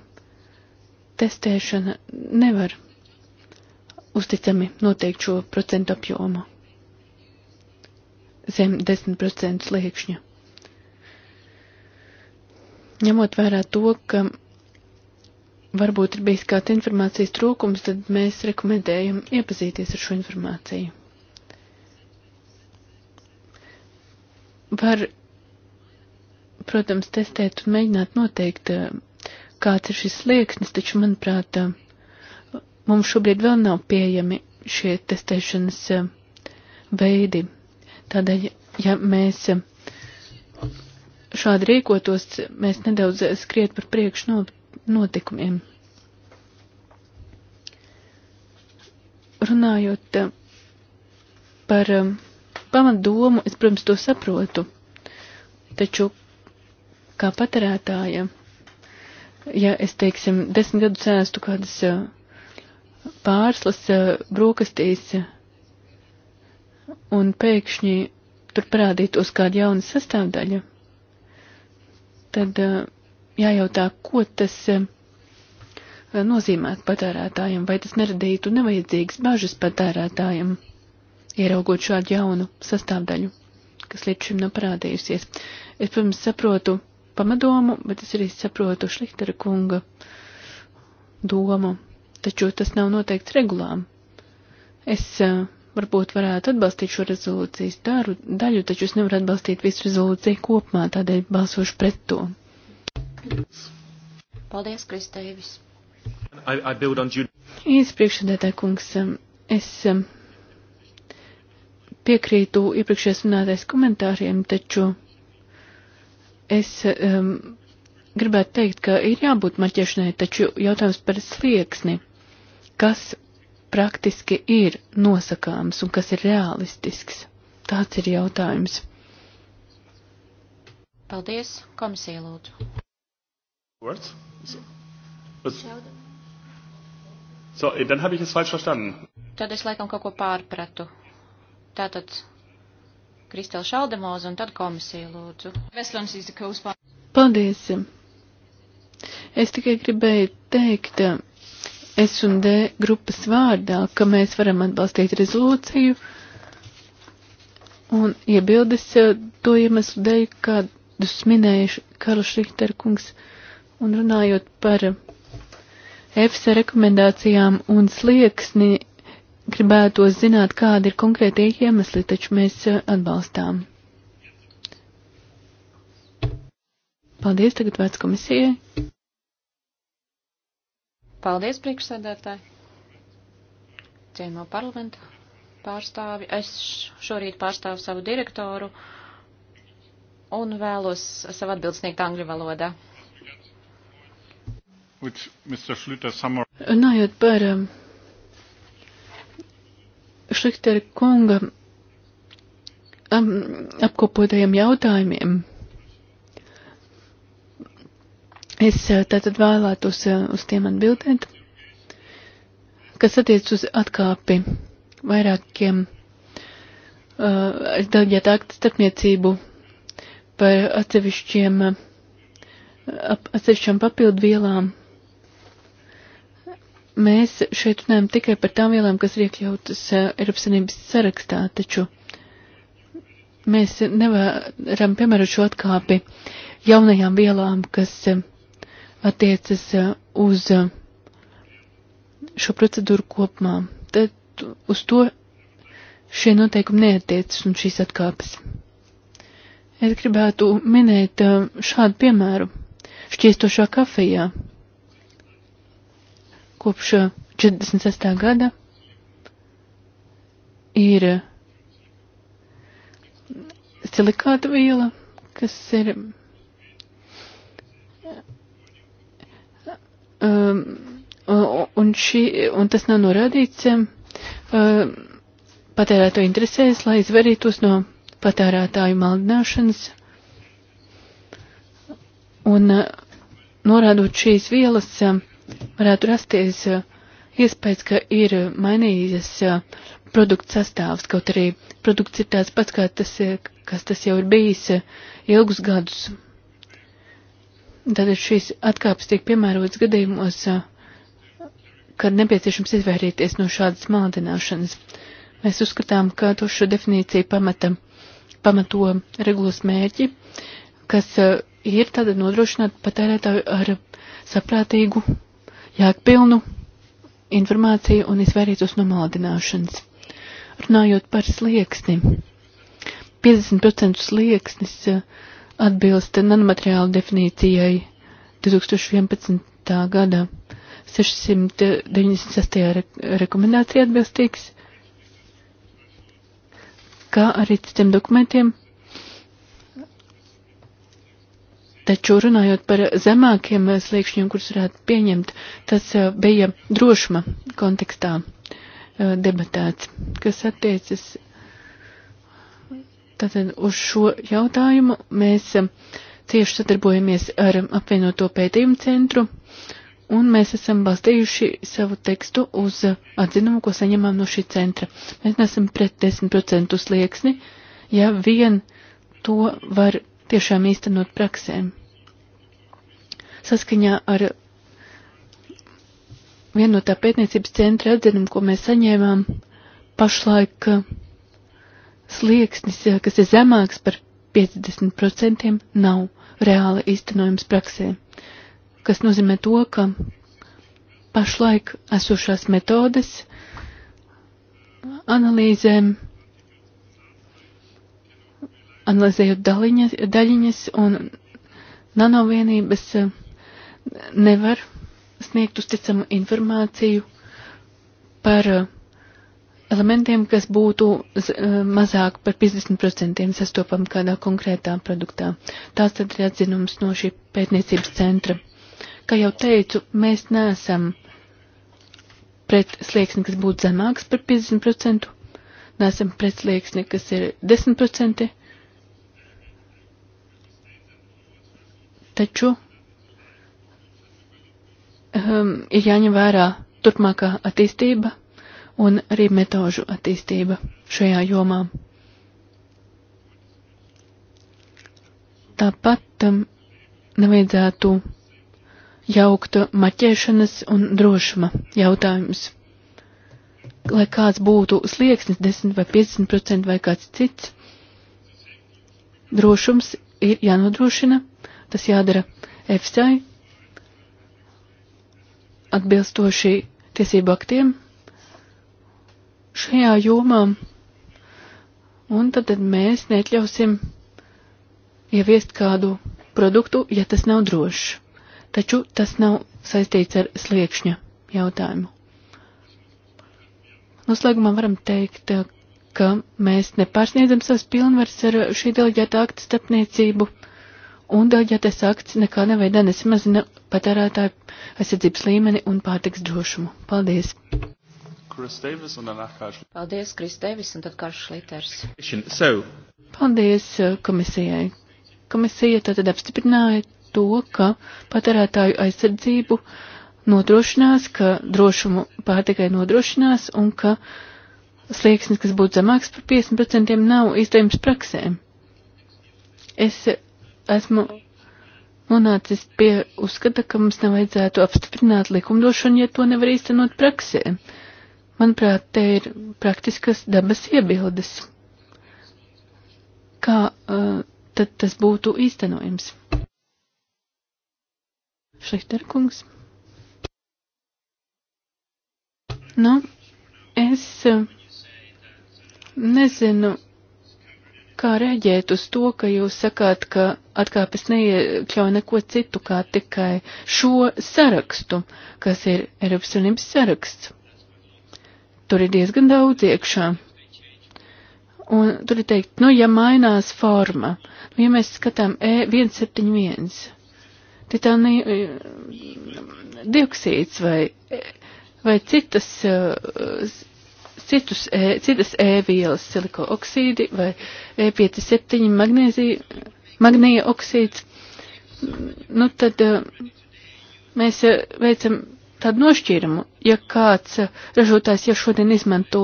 testēšana nevar uzticami noteikt šo procentu apjomu zem 10% sliekšņa. Ņemot vērā to, ka varbūt ir bijis kāds informācijas trūkums, tad mēs rekomendējam iepazīties ar šo informāciju. Var, protams, testēt un mēģināt noteikt, eh, kāds ir šis slieksnis, taču, manuprāt, eh, Mums šobrīd vēl nav pieejami šie testēšanas eh, veidi. Tādēļ, ja mēs eh, šādi rīkotos, mēs nedaudz eh, skriet par priekšu notikumiem. Runājot par pamatdomu, es, protams, to saprotu, taču kā patērētāja, ja es, teiksim, desmit gadus ēstu kādas pārslas eh, brokastīs eh, un pēkšņi tur parādītos kāda jauna sastāvdaļa, tad eh, jājautā, ko tas nozīmētu patērētājiem, vai tas neradītu nevajadzīgas bažas patērētājiem, ieraugot šādu jaunu sastāvdaļu, kas līdz šim nav parādījusies. Es, protams, saprotu pamadomu, bet es arī saprotu Šlihtera kunga domu taču tas nav noteikts regulām. Es varbūt varētu atbalstīt šo rezolūcijas daru, daļu, taču es nevaru atbalstīt visu rezolūciju kopumā, tādēļ balsošu pret to. Paldies, Kristēvis. Īsi priekšsēdētāji kungs, es piekrītu iepriekšējais runātais komentāriem, taču es um, gribētu teikt, ka ir jābūt marķēšanai, taču jautājums par slieksni kas praktiski ir nosakāms un kas ir realistisks. Tāds ir jautājums. Paldies, komisija lūdzu. Words? So, was, eh, so, dann habe ich es falsch verstanden. Tad es laikam kaut ko pārpratu. Tātad Kristēla Šaldemoza un tad komisija lūdzu. Paldies. Es tikai gribēju teikt, S&D grupas vārdā, ka mēs varam atbalstīt rezolūciju un iebildes e, to iemeslu dēļ, kādus minējuši Karls Richter kungs un runājot par EFSA rekomendācijām un slieksni, gribētos zināt, kādi ir konkrētie iemesli, taču mēs e, atbalstām. Paldies tagad vērts komisijai. Paldies, priekšsēdētāji! Cienījamo parlamentu pārstāvi. Es šorīt pārstāvu savu direktoru un vēlos savu atbildi sniegt angļu valodā. Runājot par Šlichtera um, kunga um, apkopotajiem jautājumiem. Es eh, tātad vēlētos eh, uz tiem atbildēt, kas attiec uz atkāpi vairākiem uh, eh, daļiet aktu starpniecību par atsevišķiem, ap, atsevišķām papildvielām. Mēs šeit runājam tikai par tām vielām, kas ir iekļautas uh, Eiropas Savienības sarakstā, taču mēs nevaram piemērot šo atkāpi jaunajām vielām, kas uh, attiecas eh, uz eh, šo procedūru kopumā. Tad uz to šie noteikumi neatiecas un šīs atkāpes. Es gribētu minēt eh, šādu piemēru šķiestošā kafijā. Kopš 46. gada ir silikāta viela, kas ir Um, un, šī, un tas nav norādīts um, um patērēto interesēs, lai izvarītos no patērētāju maldināšanas. Un uh, norādot šīs vielas, uh, varētu rasties uh, iespējas, ka ir mainījies uh, produkts sastāvs, kaut arī produkts ir tāds pats, kā tas, uh, kas tas jau ir bijis uh, ilgus gadus. Tātad šīs atkāpes tiek piemērotas gadījumos, kad nepieciešams izvairīties no šādas maldināšanas. Mēs uzskatām, ka to šo definīciju pamata, pamato regulas mērķi, kas ir tāda nodrošināt patērētāju ar saprātīgu, jēgpilnu informāciju un izvairītos no maldināšanas. Runājot par slieksni, 50% slieksnis uh, atbilst nanomateriālu definīcijai 2011. gada 696. Re rekomendācija atbilstīgs, kā arī citiem dokumentiem. Taču runājot par zemākiem sliekšņiem, kurus varētu pieņemt, tas eh, bija drošuma kontekstā eh, debatēts, kas attiecas Tātad uz šo jautājumu mēs um, cieši sadarbojamies ar um, apvienoto pētījumu centru, un mēs esam balstījuši savu tekstu uz uh, atzinumu, ko saņemam no šī centra. Mēs nesam pret 10% slieksni, ja vien to var tiešām īstenot praksēm. Saskaņā ar vienotā pētniecības centra atzinumu, ko mēs saņēmām, pašlaik uh, slieksnis, eh, kas ir zemāks par 50%, nav reāli īstenojams praksē, kas nozīmē to, ka pašlaik esošās metodes analīzēm, analizējot daļiņas, daļiņas un nanovienības, eh, nevar sniegt uzticamu informāciju par eh, elementiem, kas būtu eh, mazāk par 50% sastopam kādā konkrētā produktā. Tās tad ir atzinums no šī pētniecības centra. Kā jau teicu, mēs neesam pret slieksni, kas būtu zemāks par 50%, neesam pret slieksni, kas ir 10%, taču um, ir jāņem vērā turpmākā attīstība un arī metožu attīstība šajā jomā. Tāpat tam nevajadzētu jaukt maķēšanas un drošuma jautājumus. Lai kāds būtu slieksnis 10 vai 50% vai kāds cits, drošums ir jānodrošina, tas jādara EFSAI atbilstoši tiesību aktiem šajā jomā, un tad, tad mēs neatļausim ieviest kādu produktu, ja tas nav drošs. Taču tas nav saistīts ar sliekšņa jautājumu. Noslēgumā varam teikt, ka mēs nepārsniedzam savas pilnvaras ar šī deleģēta akta starpniecību, un deleģētais akts nekādā veidā nesamazina patērētāju aizsardzības līmeni un pārtiks drošumu. Paldies! Chris Davis un danach Kārš. Paldies, Kris Davis un tad Kārš Šliters. So. Paldies uh, komisijai. Komisija tātad apstiprināja to, ka patērētāju aizsardzību nodrošinās, ka drošumu pārtikai nodrošinās un ka slieksnis, kas būtu zemāks par 50%, nav izdevums praksēm. Es esmu nonācis pie uzskata, ka mums nevajadzētu apstiprināt likumdošanu, ja to nevar īstenot praksē. Uh, Manuprāt, te ir praktiskas dabas iebildes. Kā uh, tad tas būtu īstenojams? Šlihterkungs. Nu, es eh, nezinu, kā rēģēt uz to, ka jūs sakāt, ka atkāpes neiekļauj neko citu kā tikai šo sarakstu, kas ir Eiropas Unības saraksts. Tur ir diezgan daudz iekšā. Un tur ir teikt, nu, ja mainās forma, nu, ja mēs skatām E171, titāni eh, dioksīds vai, vai citas, eh, citus, eh, citas E vielas, siliko oksīdi vai E57 magnēzija, magnija oksīds, nu, tad mēs veicam tādu nošķīrumu. Ja kāds ražotājs jau šodien izmanto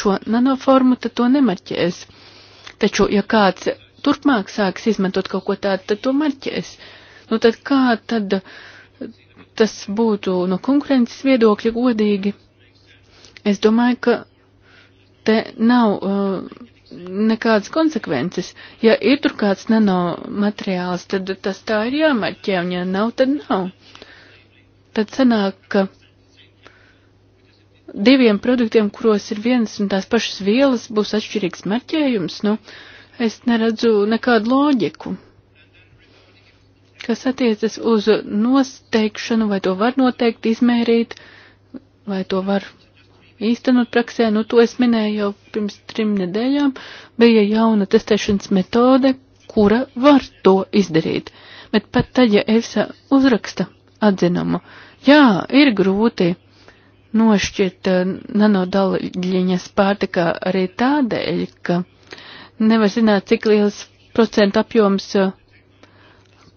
šo nanoformu, tad to nemarķēs. Taču, ja kāds turpmāk sāks izmantot kaut ko tādu, tad to marķēs. Nu tad kā tad tas būtu no konkurences viedokļa godīgi? Es domāju, ka te nav uh, nekādas konsekvences. Ja ir tur kāds nanomateriāls, tad tas tā ir jāmarķē, un ja nav, tad nav tad sanāk, ka diviem produktiem, kuros ir vienas un tās pašas vielas, būs atšķirīgs marķējums, nu, es neredzu nekādu loģiku. Kas attiecas uz nosteikšanu, vai to var noteikt, izmērīt, vai to var īstenot praksē, nu, to es minēju jau pirms trim nedēļām, bija jauna testēšanas metode, kura var to izdarīt. Bet pat tad, ja EFSA uzraksta atzinumu. Jā, ir grūti nošķirt eh, nanodaļiņas pārtikā arī tādēļ, ka nevar zināt, cik liels procentu apjoms eh,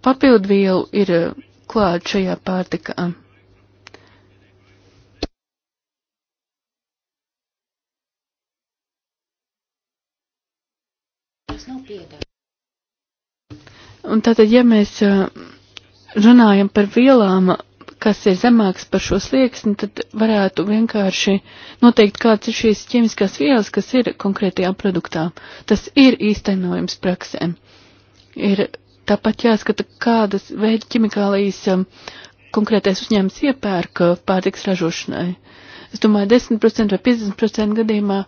papildvielu ir eh, klāt šajā pārtikā. Un tātad, ja mēs uh, runājam par vielām, kas ir zemāks par šo slieksni, tad varētu vienkārši noteikt, kāds ir šīs ķemiskās vielas, kas ir konkrētajā produktā. Tas ir īstenojums praksēm. Ir tāpat jāskata, kādas veidi ķimikālijas um, konkrētais uzņēmums iepērk uh, pārtiks ražošanai. Es domāju, 10% vai 50% gadījumā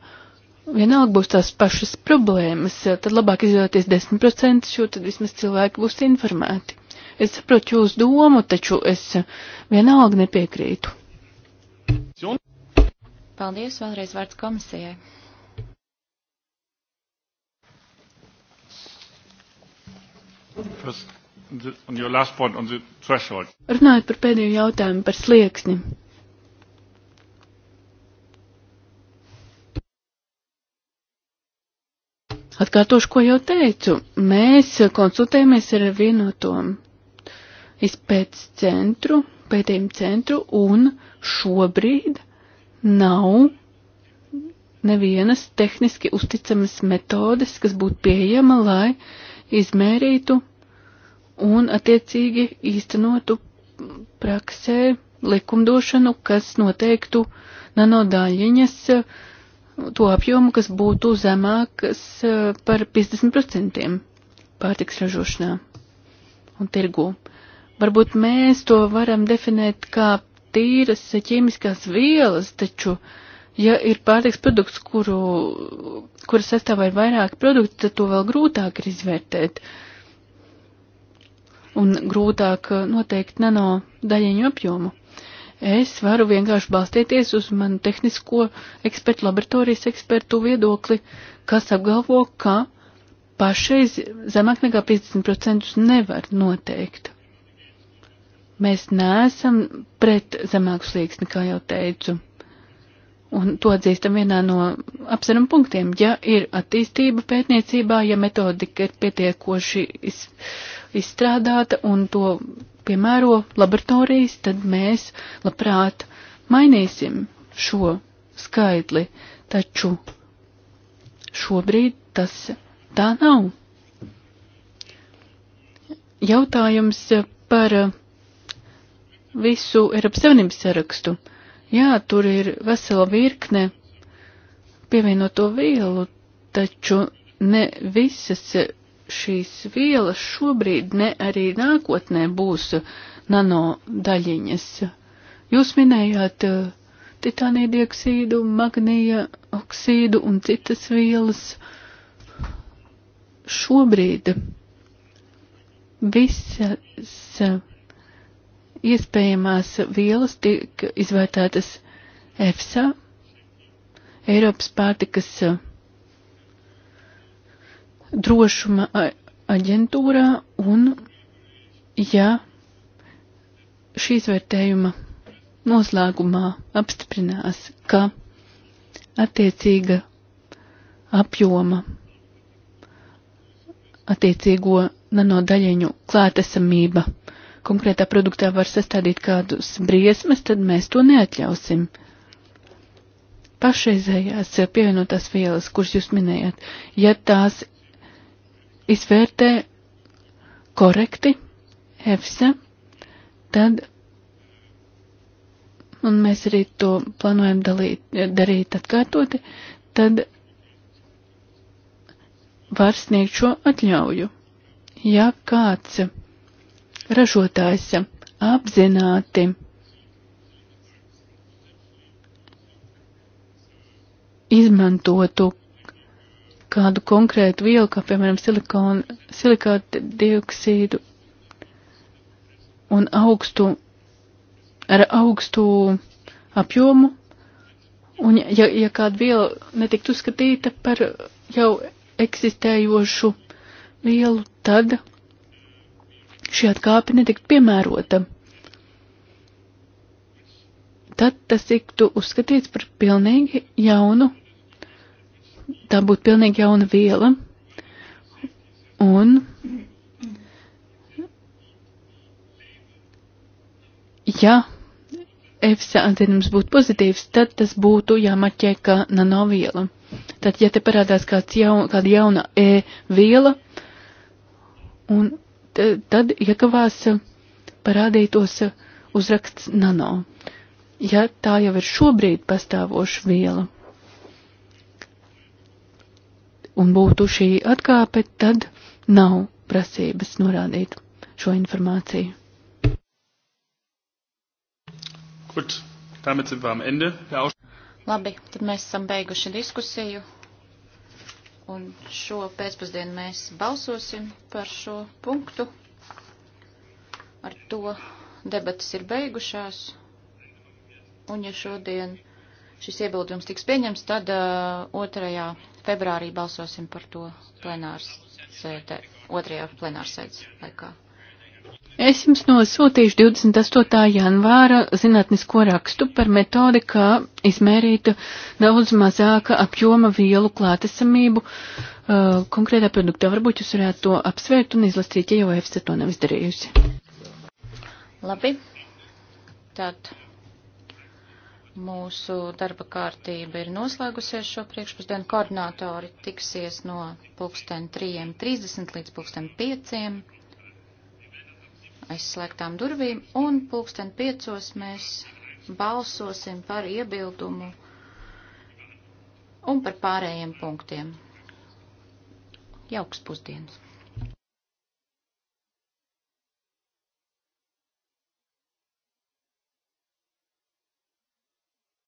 vienalga būs tās pašas problēmas. Tad labāk izvēlēties 10%, jo tad vismaz cilvēki būs informēti. Es saprotu jūsu domu, taču es vienalga nepiekrītu. Paldies vēlreiz vārds komisijai. First, on your last point on the threshold. Runājot par pēdējo jautājumu par slieksni. Atkārtošu, ko jau teicu. Mēs konsultējamies ar vienotom izpētes centru, pētījumu centru, un šobrīd nav nevienas tehniski uzticamas metodes, kas būtu pieejama, lai izmērītu un attiecīgi īstenotu praksē likumdošanu, kas noteiktu nanodaļiņas eh, to apjomu, kas būtu zemākas eh, par 50% pārtiks ražošanā un tirgū. Varbūt mēs to varam definēt kā tīras ķīmiskās vielas, taču, ja ir pārtiks produkts, kuru, kura sastāvā ir vairāki produkti, tad to vēl grūtāk ir izvērtēt. Un grūtāk eh, noteikt nano daļiņu apjomu. Es varu vienkārši balstīties uz manu tehnisko ekspertu, laboratorijas ekspertu viedokli, kas apgalvo, ka pašreiz zemāk nekā 50% nevar noteikt. Mēs neesam pret zemāku slieksni, kā jau teicu. Un to atzīstam vienā no apsveram punktiem. Ja ir attīstība pētniecībā, ja metodika ir pietiekoši iz, izstrādāta un to piemēro laboratorijas, tad mēs labprāt mainīsim šo skaitli. Taču šobrīd tas tā nav. Jautājums par visu Eiropas Savienības sarakstu. Jā, tur ir vesela virkne pievienoto vielu, taču ne visas šīs vielas šobrīd, ne arī nākotnē būs nano daļiņas. Jūs minējāt uh, titānīdioksīdu, magnija oksīdu un citas vielas. Šobrīd visas iespējamās vielas tiek izvērtētas EFSA, Eiropas pārtikas eh, drošuma aģentūrā, un ja šīs vērtējuma noslēgumā apstiprinās, ka attiecīga apjoma attiecīgo nanodaļiņu klātesamība konkrētā produktā var sastādīt kādus briesmas, tad mēs to neatļausim. Pašreizējās pievienotās vielas, kuras jūs minējāt, ja tās izvērtē korekti EFSA, tad, un mēs arī to plānojam dalīt, darīt atkārtoti, tad var sniegt šo atļauju. Ja kāds ražotājs apzināti izmantotu kādu konkrētu vielu, kā piemēram silikona, silikāta dioksīdu un augstu, ar augstu apjomu, un ja, ja kāda viela netiktu uzskatīta par jau eksistējošu vielu, tad šī atkāpe netikt piemērota. Tad tas tiktu uzskatīts par pilnīgi jaunu, tā būtu pilnīgi jauna viela, un ja EFSA atzinums būtu pozitīvs, tad tas būtu jāmaķē kā nanoviela. Tad, ja te parādās kāds jaun, kāda jauna E viela, un tad iekavās parādītos uzraksts nano, ja tā jau ir šobrīd pastāvoša viela. Un būtu šī atkāpe, tad nav prasības norādīt šo informāciju. Gut, damit sind wir am Ende. Labi, tad mēs esam beiguši diskusiju. Un šo pēcpusdienu mēs balsosim par šo punktu. Ar to debatas ir beigušās. Un ja šodien šis iebildums tiks pieņems, tad uh, 2. februārī balsosim par to plenārs sēdē, 2. plenārs sēdes laikā. Es jums nosūtīšu 28. janvāra zinātnisko rakstu par metodi, kā izmērīt daudz mazāka apjoma vielu klātesamību uh, konkrētā produktā. Varbūt jūs varētu to apsvērt un izlasīt, ja jau EFSA to nav izdarījusi. Labi. Tad mūsu darba kārtība ir noslēgusies šo priekšpusdienu. Koordinātori tiksies no pulksten 3.30 līdz pulksten 5.00 aizslēgtām durvīm, un pulksten piecos mēs balsosim par iebildumu un par pārējiem punktiem. Jauks pusdienas!